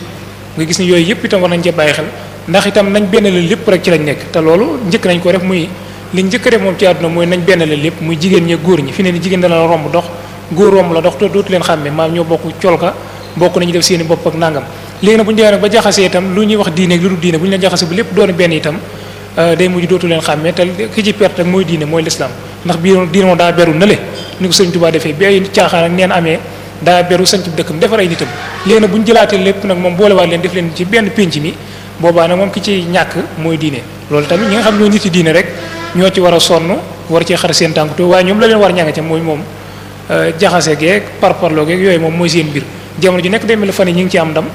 nga gis ni yooyu yëpp itam war nañ cee bàyyi xel ndax itam nañ benn la lépp rek ci lañ nekk te loolu njëkk nañ ko def muy li njëkk a def moom ci àdduna mooy nañ benn la lépp muy jigéen ñi góor ñi fi ne ni jigéen dana la romb dox góor romb la dox te ñoo bokk colka bokk nañu def seen i bopp ak nangam léegi nag bu ñu demee nag ba jaxasee itam lu ñuy wax diine ak lu dul diine bu ñu leen jaxasee bu lépp doon benn itam euh, day mujj dootu leen xàmmee te ki ci perte rek mooy diine mooy lislaam ndax bii diine moom daa beru na le ni ko sëñ Tuubaa defee bi ay ak neen amee daa beru sanc dëkkam defar ay nitam léegi nag bu ñu jëlaatee lépp nag moom boolewaat leen def leen ci benn pénc mi boobaa nag moom ki ci ñàkk mooy diine loolu tamit ñi nga xam ñoo nit yi diine rek ñoo ci war a sonn war cee xar seen tànk to waaye ñoom la leen war ñanga ca mooy moom euh, jaxase geeg parparloo geeg yooyu moom mooy seen mbir jamono ju nekk day mel fan yi ñi ngi ci am ndam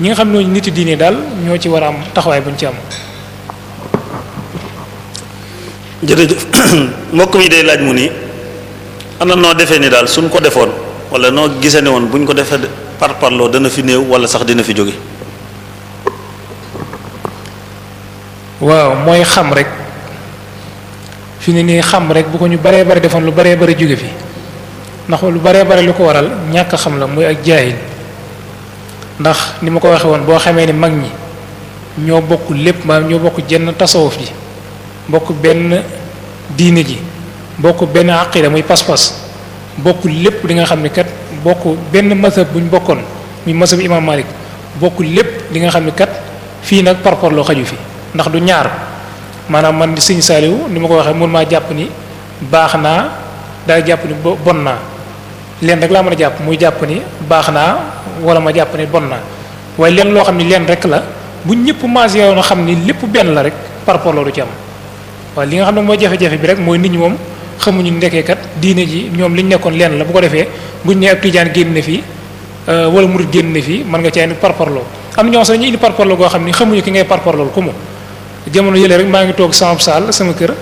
ñi nga xam ne nitu diine daal ñoo ci war a am taxawaay bu ñu ci am. jërëjëf mbokk mi day laaj mu ni na noo defee ni daal suñ ko defoon wala noo gisee ne woon buñ ko defee par parloo dana fi néew wala sax dina fi jóge. waaw mooy xam rek fi ne nii xam rek bu ko ñu baree bari defoon lu baree bari jóge fi ndax lu baree bari lu ko waral ñàkk xam la muy ak jaahil ndax ni ma ko waxee woon boo xamee ni mag ñi ñoo bokk lépp maanaam ñoo bokk jenn tasawuf ji bokk benn diine ji bokk benn aqida muy pas-pas bokk lépp di nga xam ni kat bokk benn masab bu bokkoon muy masab imam Malik bokk lépp di nga xam ni kat fii nag par xaju fi ndax du ñaar maanaam man sëñ Saliou ni ma ko waxee mun maa jàpp ni baax naa daal jàpp ni bon naa leen rek laa mën a jàpp muy jàpp ni baax naa wala ma jàpp ni bon naa waaye leen loo xam ni leen rek la bu ñëpp maasee woon xam ni lépp benn la rek par rapport loolu ci am waaye li nga xam ne mooy jafe-jafe bi rek mooy nit ñi moom xamuñu ndekkee kat diine ji ñoom li ñu nekkoon leen la bu ko defee buñ ne ab tijaan génn na fii euh, wala murid génn na fii mën nga caa indi par rapport loolu am na ñoo xam ne ñu indi par xam ni xamuñu ki ngay par rapport loolu ku mu jamono yële rek maa ngi toog sama sama kër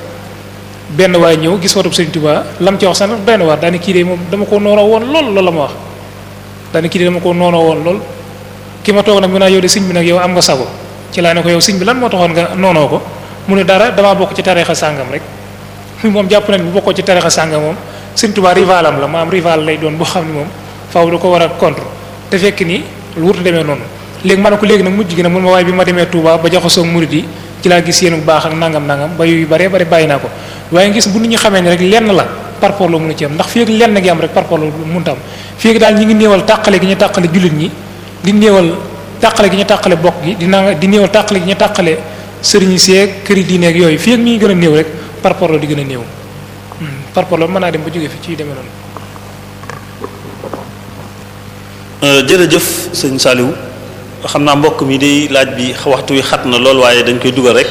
benn waay ñëw gis foto Sëriñ Tuubaa lam ci wax sax benn na waar daane kii de moom dama ko noonoo woon lool loolu la ma wax daane kii de dama ko noonoo woon lool ki ma toog nag mu naa yow de sëñ bi nag yow am nga sago ci laa ne ko yow sëñ bi lan moo taxoon nga noonoo ko mu ne dara damaa bokk ci tarixa sàngam rek moom jàpp nañ bu bokkoo ci tarixa sàngam moom Sëriñ Tuubaa rivalam la maam rival lay doon boo xam ne moom faaw da ko war a contre te fekk ni lu wut demee noonu léegi man ne ko léegi nag mujj gi nag mun ma waaye bi ma demee Touba ba joxasoo murid yi ci laa gis yéen bu baax ak nangam nangam ba yu bare bare bàyyi naa ko waaye gis bu nit ñu xamee ne rek lenn la parpor la mënu ci am ndax fi ak lenn gi am rek parpor la mënut am fii ak daal ñi ngi néewal tàqale gi ñu tàqale jullit ñi di néewal tàqale gi ñu tàqale bokk gi di nanga di néewal tàqale gi ñu tàqale sëriñ seeg këri diineeg yooyu fii ak gën a néew rek parpor la di gën a néew hmm, parpor mën naa dem ba jógee fi ci demee noonu euh, jërëjëf sëñ xam naa mbokk mi day laaj bi waxtu wi xat na loolu waaye dañ koy dugal rek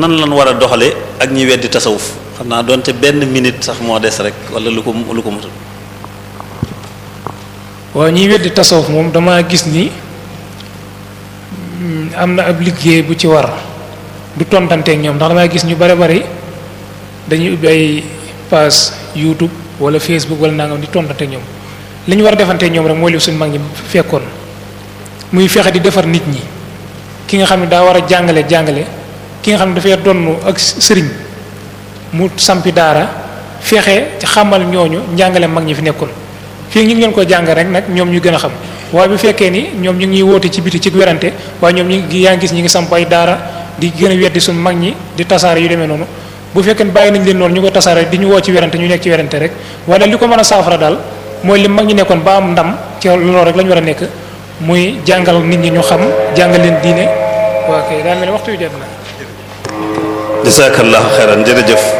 nan lan war a doxale ak ñi weddi tasawuf xam naa doon te benn minute sax moo des rek wala lu ko lu ko matul waaw ñiy weddi tasawuf moom dama gis ni mm, am na ab liggéey bu ci war du tontanteeg ñoom ndax damaa gis ñu bare bari dañuy ubbi ay page YouTube wala Facebook wala nangam di tontanteeg ñoom li ñu war a defanteeg ñoom rek mooy li suñu mag ñi fekkoon muy fexe di defar nit ñi ki nga xam ne daa war a jàngale jàngale ki nga xam ne dafay donnu ak sëriñ mu sampi daara fexe ci xamal ñooñu njàngale mag ñi fi nekkoon fii ñu ngi leen ko jàng rek nag ñoom ñu gën a xam waaye bu fekkee ni ñoom ñu ngi woote ci biti ci werante waaye ñoom ñi ngi yaa ngi gis ñu ngi samp ay daara di gën a weddi suñ mag ñi di tasaare yu demee noonu bu fekkee bàyyi nañ leen noonu ñu ko tasaare di ñu woo ci werante ñu nekk ci werante rek wala li ko mën saafara daal mooy li mag ñi nekkoon ba ndam ci loolu rek la a nekk muy jàngal nit ñi ñu xam jàngal leen diine. waaw kay daa mel ni waxtu wi jot na. jazakallahu xayran jërëjëf.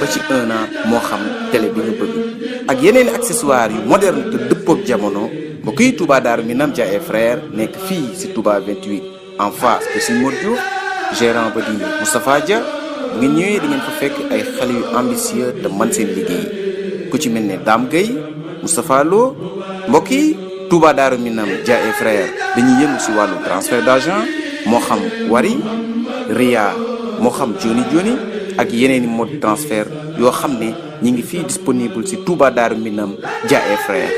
ba ci un moo xam télé bi ñu bëgg ak yeneen accessoires yu moderne te dëppook jamono mbokk yi Touba Darou Minam Dia et frère nekk fii si Touba 28 en face si suñu Modou gérant ba di Moustapha Dia bu ngeen ñëwee di ngeen fa fekk ay xale yu ambitieux te man seen liggéey ku ci mel ne Dame Gueye Moustapha Lo mbokk yi Touba Darou Minam Dia et frère dañuy yëngu si wàllu transfert d'argent moo xam Wari Ria moo xam Joni Joni ak yeneeni i mode transfert yoo xam ne ñi ngi fi disponible si Touba Darou Minam Dia et Frères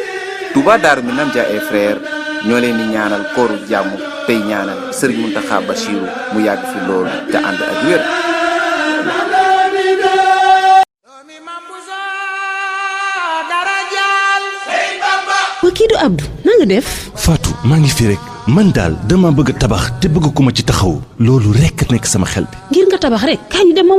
Touba Darou Minam Dia et Frères ñoo leen di ñaanal kooru jàmm tey ñaanal Serigne Mountakha Bachirou mu yàgg fi loolu te ànd ak wér. Kidou Abdou na def. Fatou maa ngi fi rek. man daal dama bëgg tabax te bëgg ku ma ci taxaw loolu rekk nekk sama xel ngir nga tabax rekk kaay ñu dem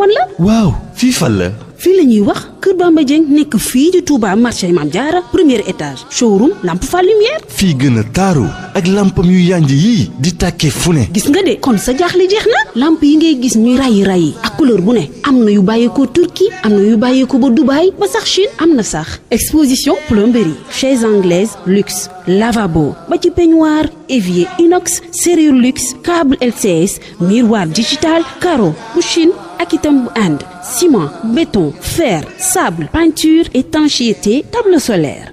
waaw fii fan la. fii la ñuy wax Kër Bamba nekk fii ci Touba marché Mame Diarra première étage showroom lampe fa lumière. fii gën a taaru ak lampam yu yànj yii di tàkkee fu ne. gis nga de kon sa jaaxle jeex na lampe yi ngay gis ñuy rayi rayi ak couleur bu ne am na yu bàyyeekoo Turquie am na yu bàyyeekoo ba Dubaï ba sax Chine am na sax exposition plomberie chaise anglaise luxe lavabo ba ci peignoir évier inox serrure luxe câble LCS miroir digital carreau bu Chine ak ciment, béton, fer, sable, peinture, étanchéité, table solaire.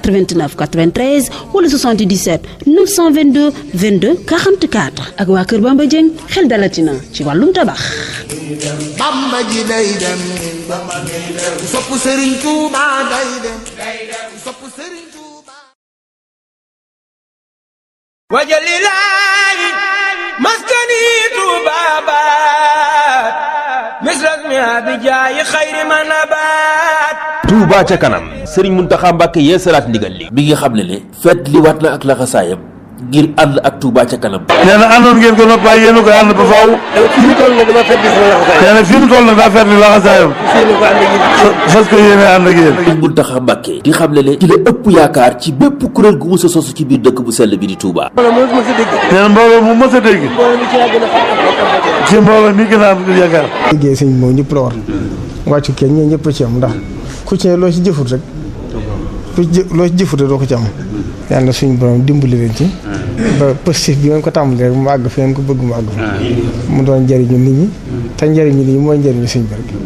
89 93 wala 77 922 22 44 ak waa Kër Bamba Dieng xel dalatina ci wàllum tabax. Bamba ji day dem. Bamba ji day dem. sopp Serigne Touba day dem. day dem sopp wajalilaayi maskani tuubaabaat misrasmi abijaayi xayri ma nabaat Touba ca kanam Serigne Mountakha Mbacké yee salaat ndigal li bi nga xam ne ne feet li waat na ak laxasaayam ngir ànd ak Touba ca kanam. nee na àndoon ngeen ko noppi waaye yéen a koy ànd ba faaw. fi mu toll nag damaa ferdi sama laxasaayam. nee na fi mu toll nag daa ferdi laxasaayam. fas ko yéene ànd ak yéen. Sëriñ Muntaxa Mbàkke di xam ne ne ci la ëpp yaakaar ci bépp kuréel gu mës a sosu ci biir dëkk bu sell bi di Touba. nee na mbooloo mu mës a dégg. ci mbooloo mi gën a am yaakaar. liggéey sëñ moom ñëpp la war wàccu kenn ñëpp ci am ndax ku ci loo ci jëfut rek ku jë loo ci jëfute doo ko ci am yàlla na suñu borom dimbali leen ci hmm. ba positif bi ngeen ko tàmbalee rek mu àgg fi ngeen ko bëgg mu àgg fi hmm. mu doon njëriñu nit ñi te njëriñu nit ñi mooy njëriñu suñu borom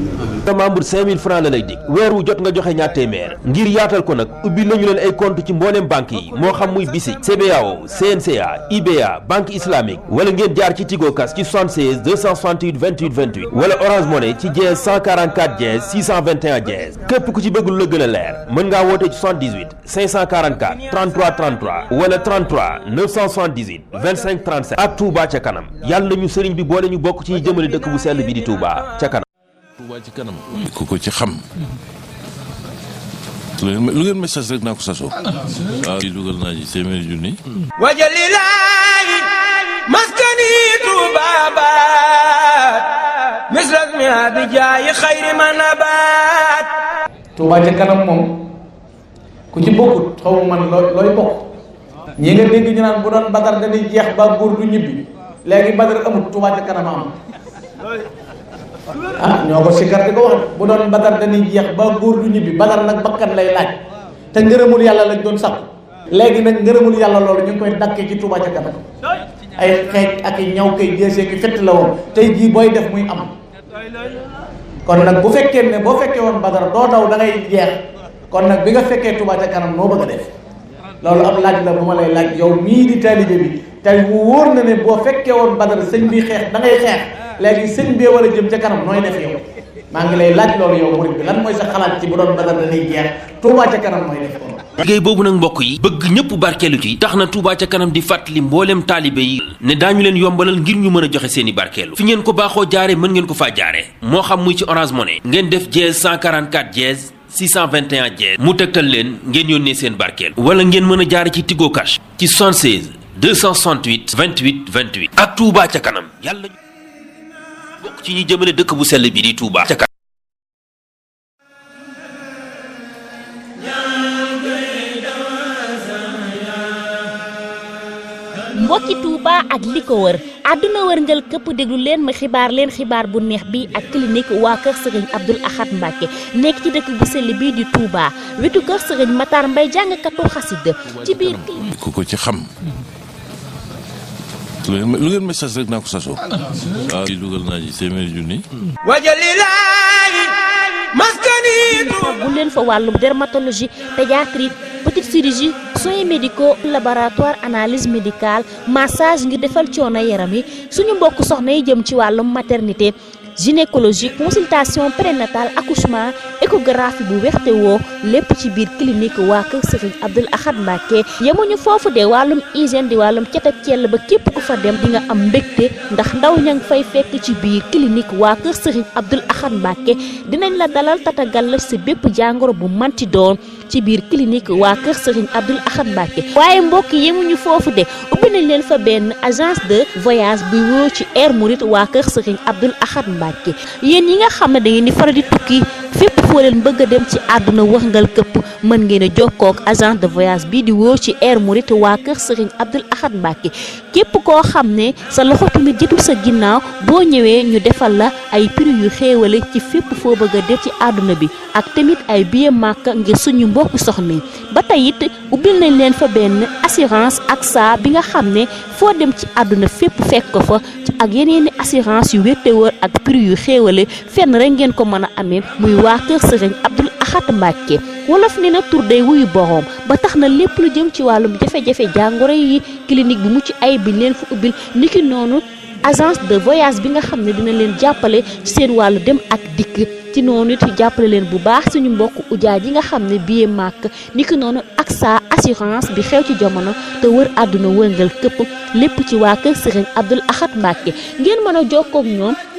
te membre 5000 francs la lay dig weer wu jot nga joxe ñaar téeméer ngir yaatal ko nag ubbi nañu leen ay compte ci mbooleem banque yi moo xam muy BICIC CBAO CNCA IBA banque islamique wala ngeen jaar ci Tigo Cash ci 76 268 28 28 wala Orange Money ci dièse 144 dièse 621 dièse képp ku ci bëgg lu la gën a leer mën ngaa woote ci 78 544 33 33 wala 33 978 25 37 ak Touba ca kanam yàlla nañu sëriñ bi boole ñu bokk ci jëmale dëkk bu sell bi di Touba ca kanam Touba ci kanam. ko ci xam. lu ngeen lu ngeen message rek naa ko maskani Touba misras mi abijaayi xayri man abaat. Touba ci kanam moom ku ci bokkut xaw man looy looy bokk. ñi nga dégg naan bu doon badar dañuy jeex ba góor du ñibbi léegi badar amut Touba ci kanam am. ah ñoo ko sikkar di ko wax bu doon badar dañuy jeex ba góor du ñibbi badar nag bakkan lay laaj te ngërëmul yàlla lañ doon sax léegi nag ngërëmul yàlla loolu ñu ngi koy dakkee ci Touba ca kanam ay xeej ak i ñaw kay jeesee ki fett la woon tey jii booy def muy am kon nag bu fekkee ne boo fekkee woon badar doo daw da ngay jeex kon nag bi nga fekkee Touba ca kanam noo bëgg a def loolu am laaj la bu ma lay laaj yow mii di taalibe bi tey mu wóor na ne boo fekkee woon badar sëñ bi xeex da ngay xeex léegi sëñ bee war a jëm ca kanam nooy def yow maa ngi lay laaj loolu yow murid bi lan mooy sa xalaat ci bu doon badar dañuy boobu nag mbokk yi bëgg ñëpp barkeelu ci tax na Touba ca kanam di fàttali mbooleem taalibe yi ne daañu leen yombalal ngir ñu mën a joxe seen i barkeelu ngeen ko baaxoo jaare mën ko faa moo xam muy ci Orange Money ngeen def dièse 144 dièse 621 dièse mu tegtal leen ngeen yónnee barkeel wala ngeen mën a jaare ci Tigo Cash ci 76 268 28 28 ak Touba ca kanam yàlla bokk ci dëkk bu sell bi di Touba ca kanam mbokki Touba ak li ko wër àdduna wërngal këpp déglu leen ma xibaar leen xibaar bu neex bi ak clinique waa kër sëriñ Abdoul Ahad Mbacke nekk ci dëkk bu sell bii di Touba wetu kër sëriñ Matar Mbay jàngkatu xasida ci biir ku ko ci xam lu ngeen message rek naa ko sasoo waaw ah, ah, kii dugal naa ji téeméeri junni wajalilaayi maskanitu bu leen fa wàllum dermatologie pédiatrie petite chirurgie soins médicaux laboratoire analyse médicale massage ngir defal coono yaram yi suñu mbokk soxna yi jëm ci wàllum maternité gynécologie consultation prénatale accouchement échographie bu wexte woo lépp ci biir clinique waa kër Serigne Abdoul Ahad Mbacké yemuñu foofu de wàllum hygiène di wàllum cet ak cell ba képp ku fa dem di nga am mbégte ndax ndaw ña ngi fay fekk ci biir clinique waa kër Serigne Abdoul Ahad Mbacké dinañ la dalal tatagal la si bépp jàngoro bu manti doon ci biir clinique waa kër Serigne Abdoul Ahad Mbacké waaye mbokk yemuñu foofu de ubbi nañ leen fa benn agence de voyage bu wóor ci Air Mouride waa kër Serigne Abdoul Ahad Mbacké yéen yi nga xam ne da ngeen di faral di tukki fépp foo leen bëgg dem ci àdduna wërngal këpp mën ngeen a jokkoo ak agent de voyage bii di wóor ci Air Mouride waa kër Serigne Abdoul Ahad Mbacké képp koo xam ne sa loxo tamit jotul sa ginnaaw boo ñëwee ñu defal la ay prix yu xéewale ci fépp foo bëgg a dem ci àdduna bi ak tamit ay billet màkk ngir suñu mbokk soxna yi ba tey it ubbil nañ leen fa benn assurance ak saa bi nga xam ne foo dem ci àdduna fépp fekk ko fa ak yeneeni assurance yu wéttewër ak prix yu xéewale fenn rek ngeen ko mën a amee waa kër sëriñ Abdul Ahad Mbàkke wolof ne na tur day wuyu boroom ba tax na lépp lu jëm ci wàllu jafe-jafe jàngoro yi clinique bi mucc ay bi leen fa ubbil niki noonu agence de voyage bi nga xam ne dina leen jàppale ci seen wàllu dem ak dikk ci noonu it jàppale leen bu baax suñu mbokk ujaa yi nga xam ne billet màkk niki noonu ak sa assurance bi xew ci jamono te wër àdduna wëngal këpp lépp ci waa kër sëriñ Abdul Ahad Mbàkke ngeen mën a jokkook ñoom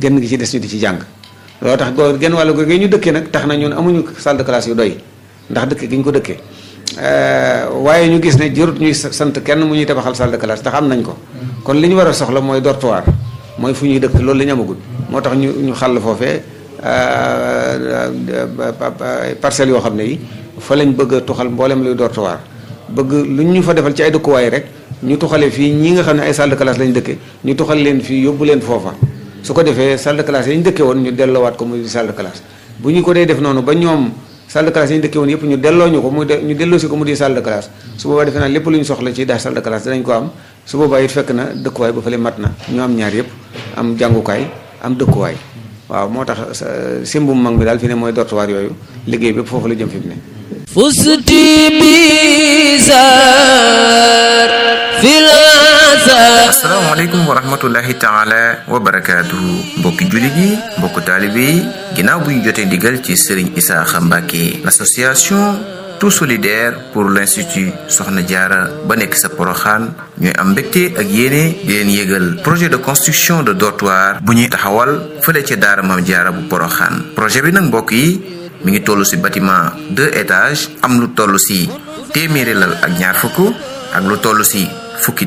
genn gi ci des ñu di ci jàng loolu tax goo genn wàllu googee ñu dëkkee nag tax na ñun amuñu salle de classe yu doy ndax dëkk gi ñu ko dëkkee euh, waaye ñu gis ne jërut ñuy sant kenn mu ñuy tabaxal salle de classe ndax am nañ ko kon li ñu war a soxla mooy dortoir mooy fu ñuy dëkk loolu la ñu amagul moo tax ñu ñu xàll foofee euh, parcelles yoo xam ne yi fa lañ bëgg a tuxal mbooleem luy dortoir bëgg lu ñu fa defal ci ay dëkkuwaay rek ñu tuxale fii ñi nga xam ne ay salle de dëkkee ñu tuxal leen fii yóbbu leen foofa su ko defee salle de classe yi ñu dëkkee woon ñu delloowaat ko muy salle de classe bu ñu ko dee def noonu ba ñoom salle de classe yi ñu dëkkee woon yëpp ñu delloo ñu ko muy de ñu delloo si ko mu di salle de classe su boobaa defe naa lépp lu ñu soxla ci daa salle de classe ko am su boobaa it fekk na dëkkuwaay ba fële mat na ñu am ñaar yëpp am jàngukaay am dëkkuwaay waaw moo tax simbum mag bi daal fi ne mooy dortoir yooyu liggéey bépp foofu la jëm fi ne fusti bizar asalaamaaleykum wa rahmatullahi taala wa barakaatuhu mbokki jullit yi mbokku taalibe yi ginnaaw bu ñu jotee digal ci sëriñ Isaaxa Mbàkke l'association tout solidaire pour l'institut Soxna Jaara ba nekk sa poroxaan ñooy am mbégte ak yéene di leen yëgal projet de construction de dortoir bu ñuy taxawal fële ca daara Maam Jaara bu poroxaan projet bi nag mbokk yi mi ngi toll ci bâtiment deux étages am lu toll ci téeméeri lal ak ñaar fukk ak lu toll ci fukki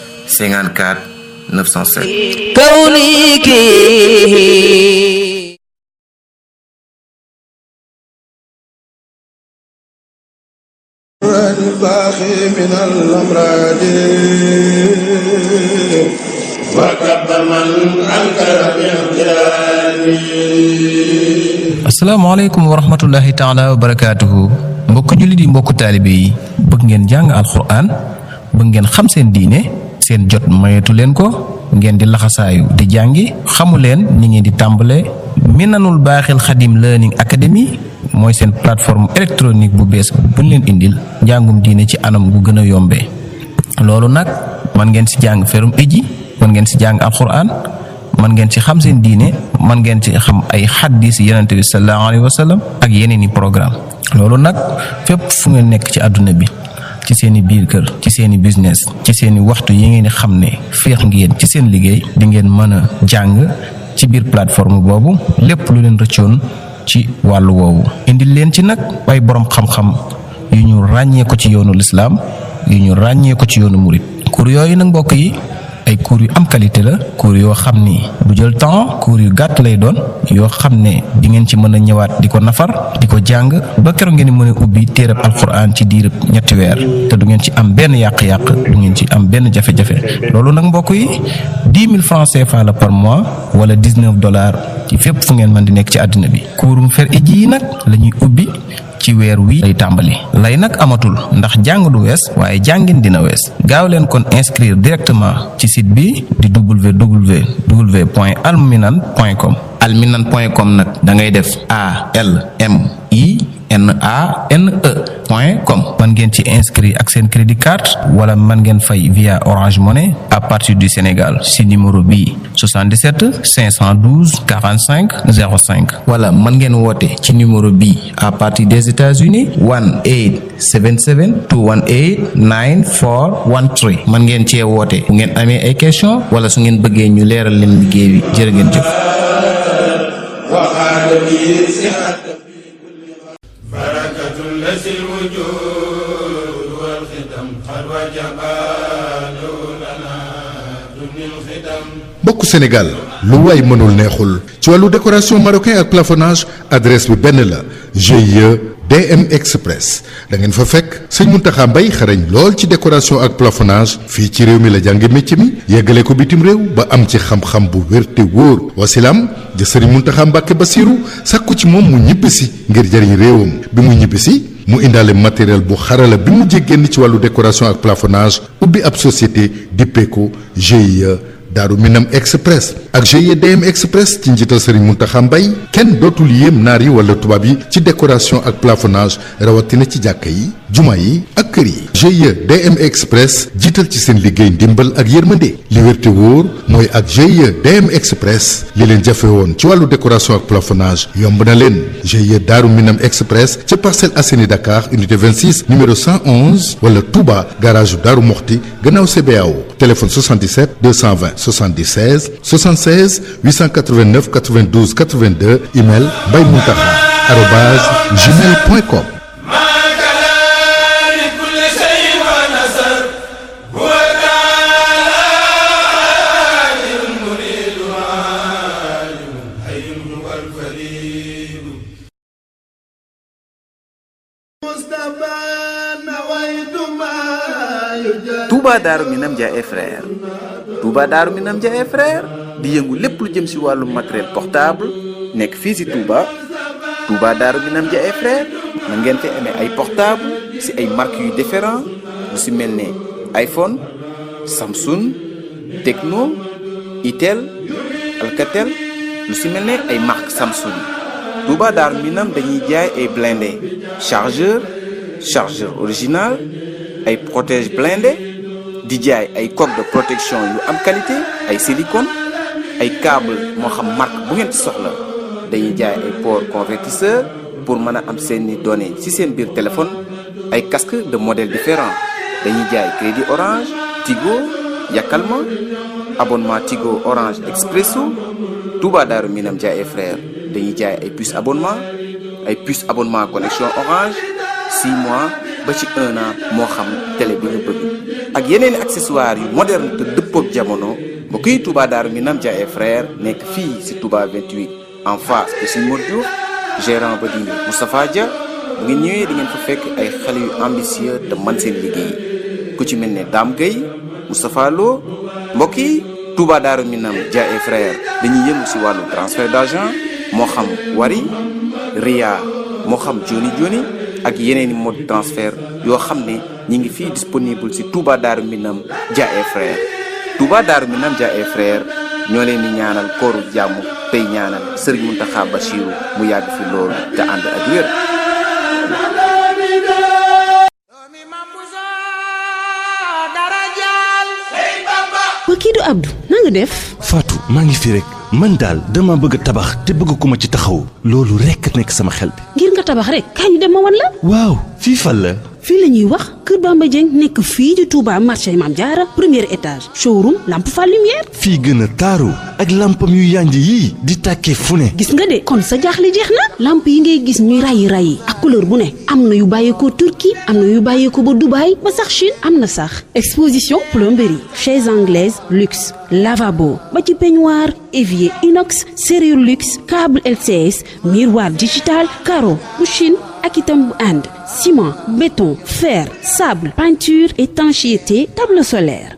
54 907 kawniki الباخي من الأمراض وكب من أنكر من asalaamaaleykum wa rahmatullahi taala wa barakaatuhu mbokk jullit yi mbokk taalibe yi bëgg ngeen jàng alxuraan bëgg ngeen xam seen diine seen jot mayetu leen ko ngeen di laxasaayu di jàngi xamu leen ni ngeen di tàmbale Minanul Baaxil Xadim Learning Academy mooy seen plateforme électronique bu bees buñ leen indil njàngum diine ci anam gu gën a yombee loolu nag man ngeen si jàng ferum iji man ngeen si jàng alquran man ngeen si xam seen diine man ngeen ci xam ay xaddis yonente bi sallallahu alayhi wa ak yeneen i programme loolu nag fépp fu ngeen nekk ci àdduna bi ci seen i biir kër ci seen i business ci seeni waxtu yi ngeen di xam ne féex ngeen ci seen liggéey di ngeen mën a jàng ci biir plateforme boobu lépp lu leen rëccoon ci wàllu woowu indil leen ci nag ay boroom xam-xam yu ñu ràññee ko ci yoonu lislaam yu ñu ràññee ko ci yoonu murit kur yooyu nag mbokk yi ay cours yu am qualité la cours yoo xam ni bu jël temps cours yu gàtt lay doon yoo xam ne di ngeen ci mën a ñëwaat di ko nafar di ko jàng ba keroog ngeen di mën a ubbi téereb alxuraan ci diirub ñetti weer te du ngeen ci am benn yàq-yàq du ngeen ci am benn jafe-jafe loolu nag mbokk yi dix mille francs CFA la par mois wala dix neuf dollars ci fépp fu ngeen mën di nekk ci àddina bi. kuurum fer iji yi nag lañuy ubbi. ci weer wi lay tàmbali lay nag amatul ndax jàng du wees waaye jàngin dina wees gaaw leen kon inscrire directement ci site bi di www point alminan point com alminan point com nag da def a l m i n a n e point com ngeen ci inscrit ak seen crédit carte wala mën ngeen fay via Orange Money à partir du Sénégal ci numéro bii 77 512 45 05 wala man ngeen woote ci numéro bi à partir des États-Unis 1 877 218 9413 mën ngeen cee woote ngeen amee ay question wala su ngeen bëggee ñu leeral leen liggéey bi jërë ngeen jëf وقال لي mbokku Sénégal lu waay mënul neexul ci wàllu décoration marocain ak plafonnage adresse bi benn la GIE DM Express da ngeen fa fekk sëñ Mountakha Mbaye xarañ lool ci décoration ak plafonnage fii ci réew mi la jànge métier mi yeggale ko bitim réew ba am ci xam-xam bu wér te wóor wasilaam ja sëriñ Mountakha Mbàkke Basiru sàkku ci moom mu ñibbisi ngir jëriñ réewam bi mu ñibbisi mu indaale matériel bu xarala bi mu jéggénn ci wàllu décoration ak plafonnage ubbi ab société dippeeko Daaru Minam Express ak e d m Express ci njiital Serigne Mountakha Mbaye kenn dootul yéem naar yi wala tubaab yi ci décoration ak plafonage rawatina ci jàkka yi juma yi ak kër yi GIE DM Express jiital ci seen liggéey ndimbal ak yërmande li wérte wóor mooy ak GIE DM Express li leen jafe woon ci wàllu décoration ak plafonnage yomb na leen GIE Daaru Minam Express ci Parcelles Assainies Dakar unité 26 numéro 111 wala Touba garage Daaru Moxti gannaaw CBAO téléphone 77 220 76 76 889 92 82 email mbay muntaxa arobase gmail point com Touba Daaru Minam Dia et frères Touba Daaru Minam Dia et frères di yëngu lépp lu jëm si wàllu matériel portable nekk fii si Touba Touba Daaru Minam Dia et na ngeen fi amee ay portable si ay marques yu différent lu si mel ne iPhone Samsung Tecno Itel Alcatel lu si mel ne ay marques Samsung Touba Daaru Minam dañuy jaay ay blindé chargeur chargeur original ay protège blindé di jaay ay coque de protection yu am qualité ay silicone ay câble moo xam marque bu ngeen soxla dañuy jaay ay port convertisseur pour mën a am seeni données ci seen biir téléphone ay casque de modèle différent dañuy jaay crédit orange Tigo ma abonnement Tigo orange expresso Touba Daaru Minam Jaay et frère dañuy jaay ay puce abonnement ay puce abonnement connexion orange 6 mois ba ci un an moo xam télé bi ñu bëgg ak yeneen accessoires yu moderne te dëppook jamono mbokk yi Touba Darou Minam Dia et frère nekk fii si Touba 28 en face de suñu modjo gérant ba di Moustapha Dia bu ngeen ñëwee di ngeen fa fekk ay xale yu ambitieux te man seen liggéey ku ci mel ne Dame Gueye Moustapha Lo mbokk yi Touba Darou Minam Dia et frère dañuy yëngu si wàllu transfert d'argent moo xam Wari Ria moo xam Joni Joni ak yeneen i mode yoo xam ne ñi ngi fii disponible si Touba Darou Minam Dia et Frères Touba Darou Minam Dia et Frères ñoo leen di ñaanal kooru jàmm tey ñaanal Serigne Mountakha Bachirou mu yàgg fi loolu te ànd ak wér. waa kii du Abdou na def. Fatou maa ngi fi rek. man daal dama bëgg tabax te bëgg ku ma ci taxaw loolu rekk nekk sama xel bi. ngir nga tabax rek kaay dem ma wan la. waaw fii fan la. fii la ñuy wax Kër Bamba nekk fii ci Touba marché Mame Diarra première étage showroom lampe fa lumière. fii gën a taaru ak lampam yu yànj yii di tàkkee fu ne. gis nga de kon sa jaaxle jeex na lamp yi ngay gis ñuy rayi rayi ak couleur bu ne am na yu bàyyeekoo Turquie am na yu bàyyeekoo ba Dubaï ba sax Chine am na sax exposition plomberie chaise anglaise luxe lavabo ba ci peignoir évier inox serrure luxe câble LCS miroir digital carreau bu Chine. ak itam bu ànd ciment béton fer sable peinture étanchéité table solaire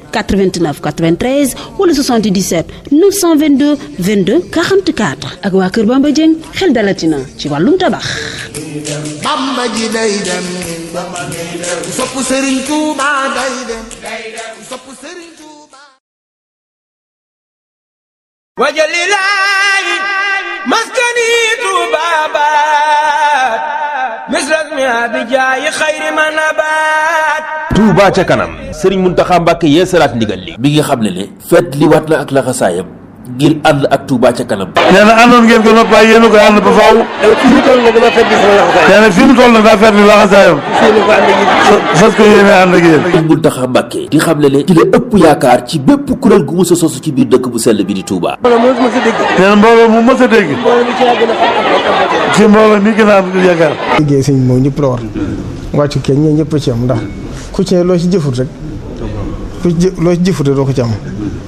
89 93 wala 77 922 22 44 ak waa Kër Bamba Dieng xel dalatina ci wàllum tabax. Bamba ji day dem sopp Sëriñ Tuuba day dem sopp Sëriñ Tuuba wajalilaahi maskani Tuuba baat Touba ca kanam Serigne Mountakha Mbacké yee salaat ndigal li bi nga xam ne ne feet li waat na ak laxasaayam ngir ànd ak Touba ca kanam. nee na àndoon ngeen ko noppi waaye a koy ànd ba faaw. fii mu toll nag daa ferdi sama laxasaayam. nee fii mu toll nag daa ferdi laxasaayam. fas ko yéene ànd ak yéen. Sëriñ Muntaxa Mbàkke di xam ne ne ci la yaakaar ci bépp kuréel gu mës ci biir dëkk bu sell bi di Touba. nee mbooloo mu mës a dégg. ci mbooloo mi gën a am yaakaar. liggéey sëñ moom ñëpp la war wàccu kenn ñëpp ci am ndax ku ci loo ci jëfut rek loo ci jëfut rek doo ko ci am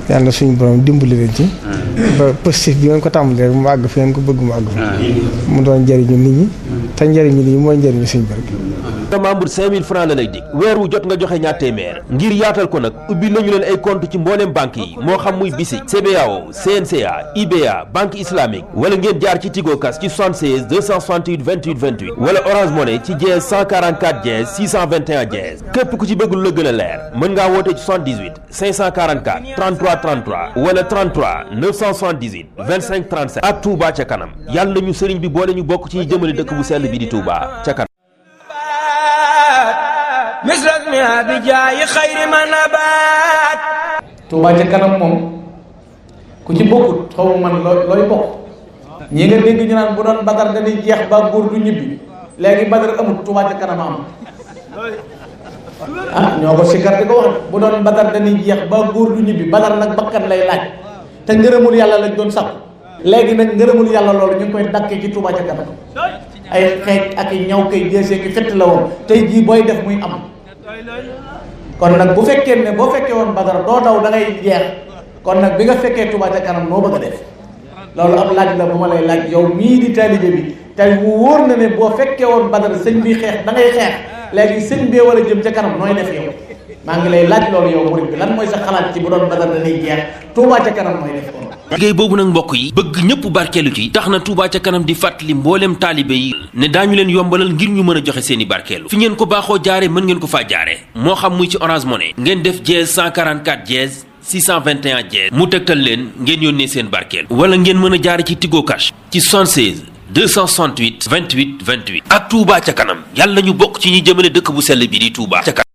yàlla nga suñu borom dimbali leen ci. Hmm. ba positif bi ngeen ko tàmbalee rek mu àgg fi ngeen ko bëgg mu àgg fi. Hmm. mu doon njëriñu nit ñi. te njëriñu nit ñi mooy njëriñu suñu borom. te membre 5000 francs la lay dig weer wu jot nga joxe ñaar téeméer ngir yaatal ko nag ubbi nañu leen ay compte ci mbooleem banque yi moo xam muy BICIS CBAO CNCA IBA banque islamique wala ngeen jaar ci Tigo ci wala Orange Money ci dièse képp ku ci bëgg lu la gën a leer mën ngaa woote ci wala ak Touba ca kanam yàlla nañu sëriñ bi boole ñu bokk ci jëmale dëkk bu sell bi di Touba ca kanam misras mi abi jaayi xayri ma nabaat Tuubaa ca kanam moom ku ci bokkut xaw man looy looy bokk ñi nga dégg ñu naan bu doon badar dañuy jeex ba góor du ñibbi léegi badar amut Tuubaa ca kanam am ah ñoo ko sikkar di ko wax jeex ba góor du ñibbi badar nag bakkan lay laaj te ngërëmul yàlla lañ doon sax léegi nag ngërëmul yàlla loolu ñu ngi koy dakkee ci Tuubaa ca kanam ay xeej ak i ñaw koy géesee ki fett la woon tey jii booy def muy am kon nag bu fekkee ne boo fekkee woon Badar doo daw da ngay jeex kon nag bi nga fekkee Touba ca kanam noo bëgg a loolu am laaj la bu ma lay laaj yow mii di taalibe bi tey mu wóor na ne boo fekkee woon Badar sëñ bi xeex da ngay xeex léegi sëñ bee a jëm ca kanam nooy def yow maa ngi lay laaj loolu yow murid bi lan mooy sa xalaat ci bu doon Badar dañuy jeex Touba ca kanam mooy def ko liggéey boobu nag mbokk yi bëgg ñëpp barkeelu ci tax na Touba ca kanam di fàttali mbooleem taalibe yi ne daañu leen yombalal ngir ñu mën a joxe seeni barkeelu fi ngeen ko baaxoo jaare mën ngeen ko faa jaare moo xam muy ci Orange Money ngeen def dièse 144 dièse 621 dièse mu tegtal leen ngeen yónnee seen barkeelu wala ngeen mën a jaare ci Tigo Cash ci 76 268 28 28 ak Touba ca kanam yàlla ñu bokk ci ñi jëmale dëkk bu sell bi di Touba ca kanam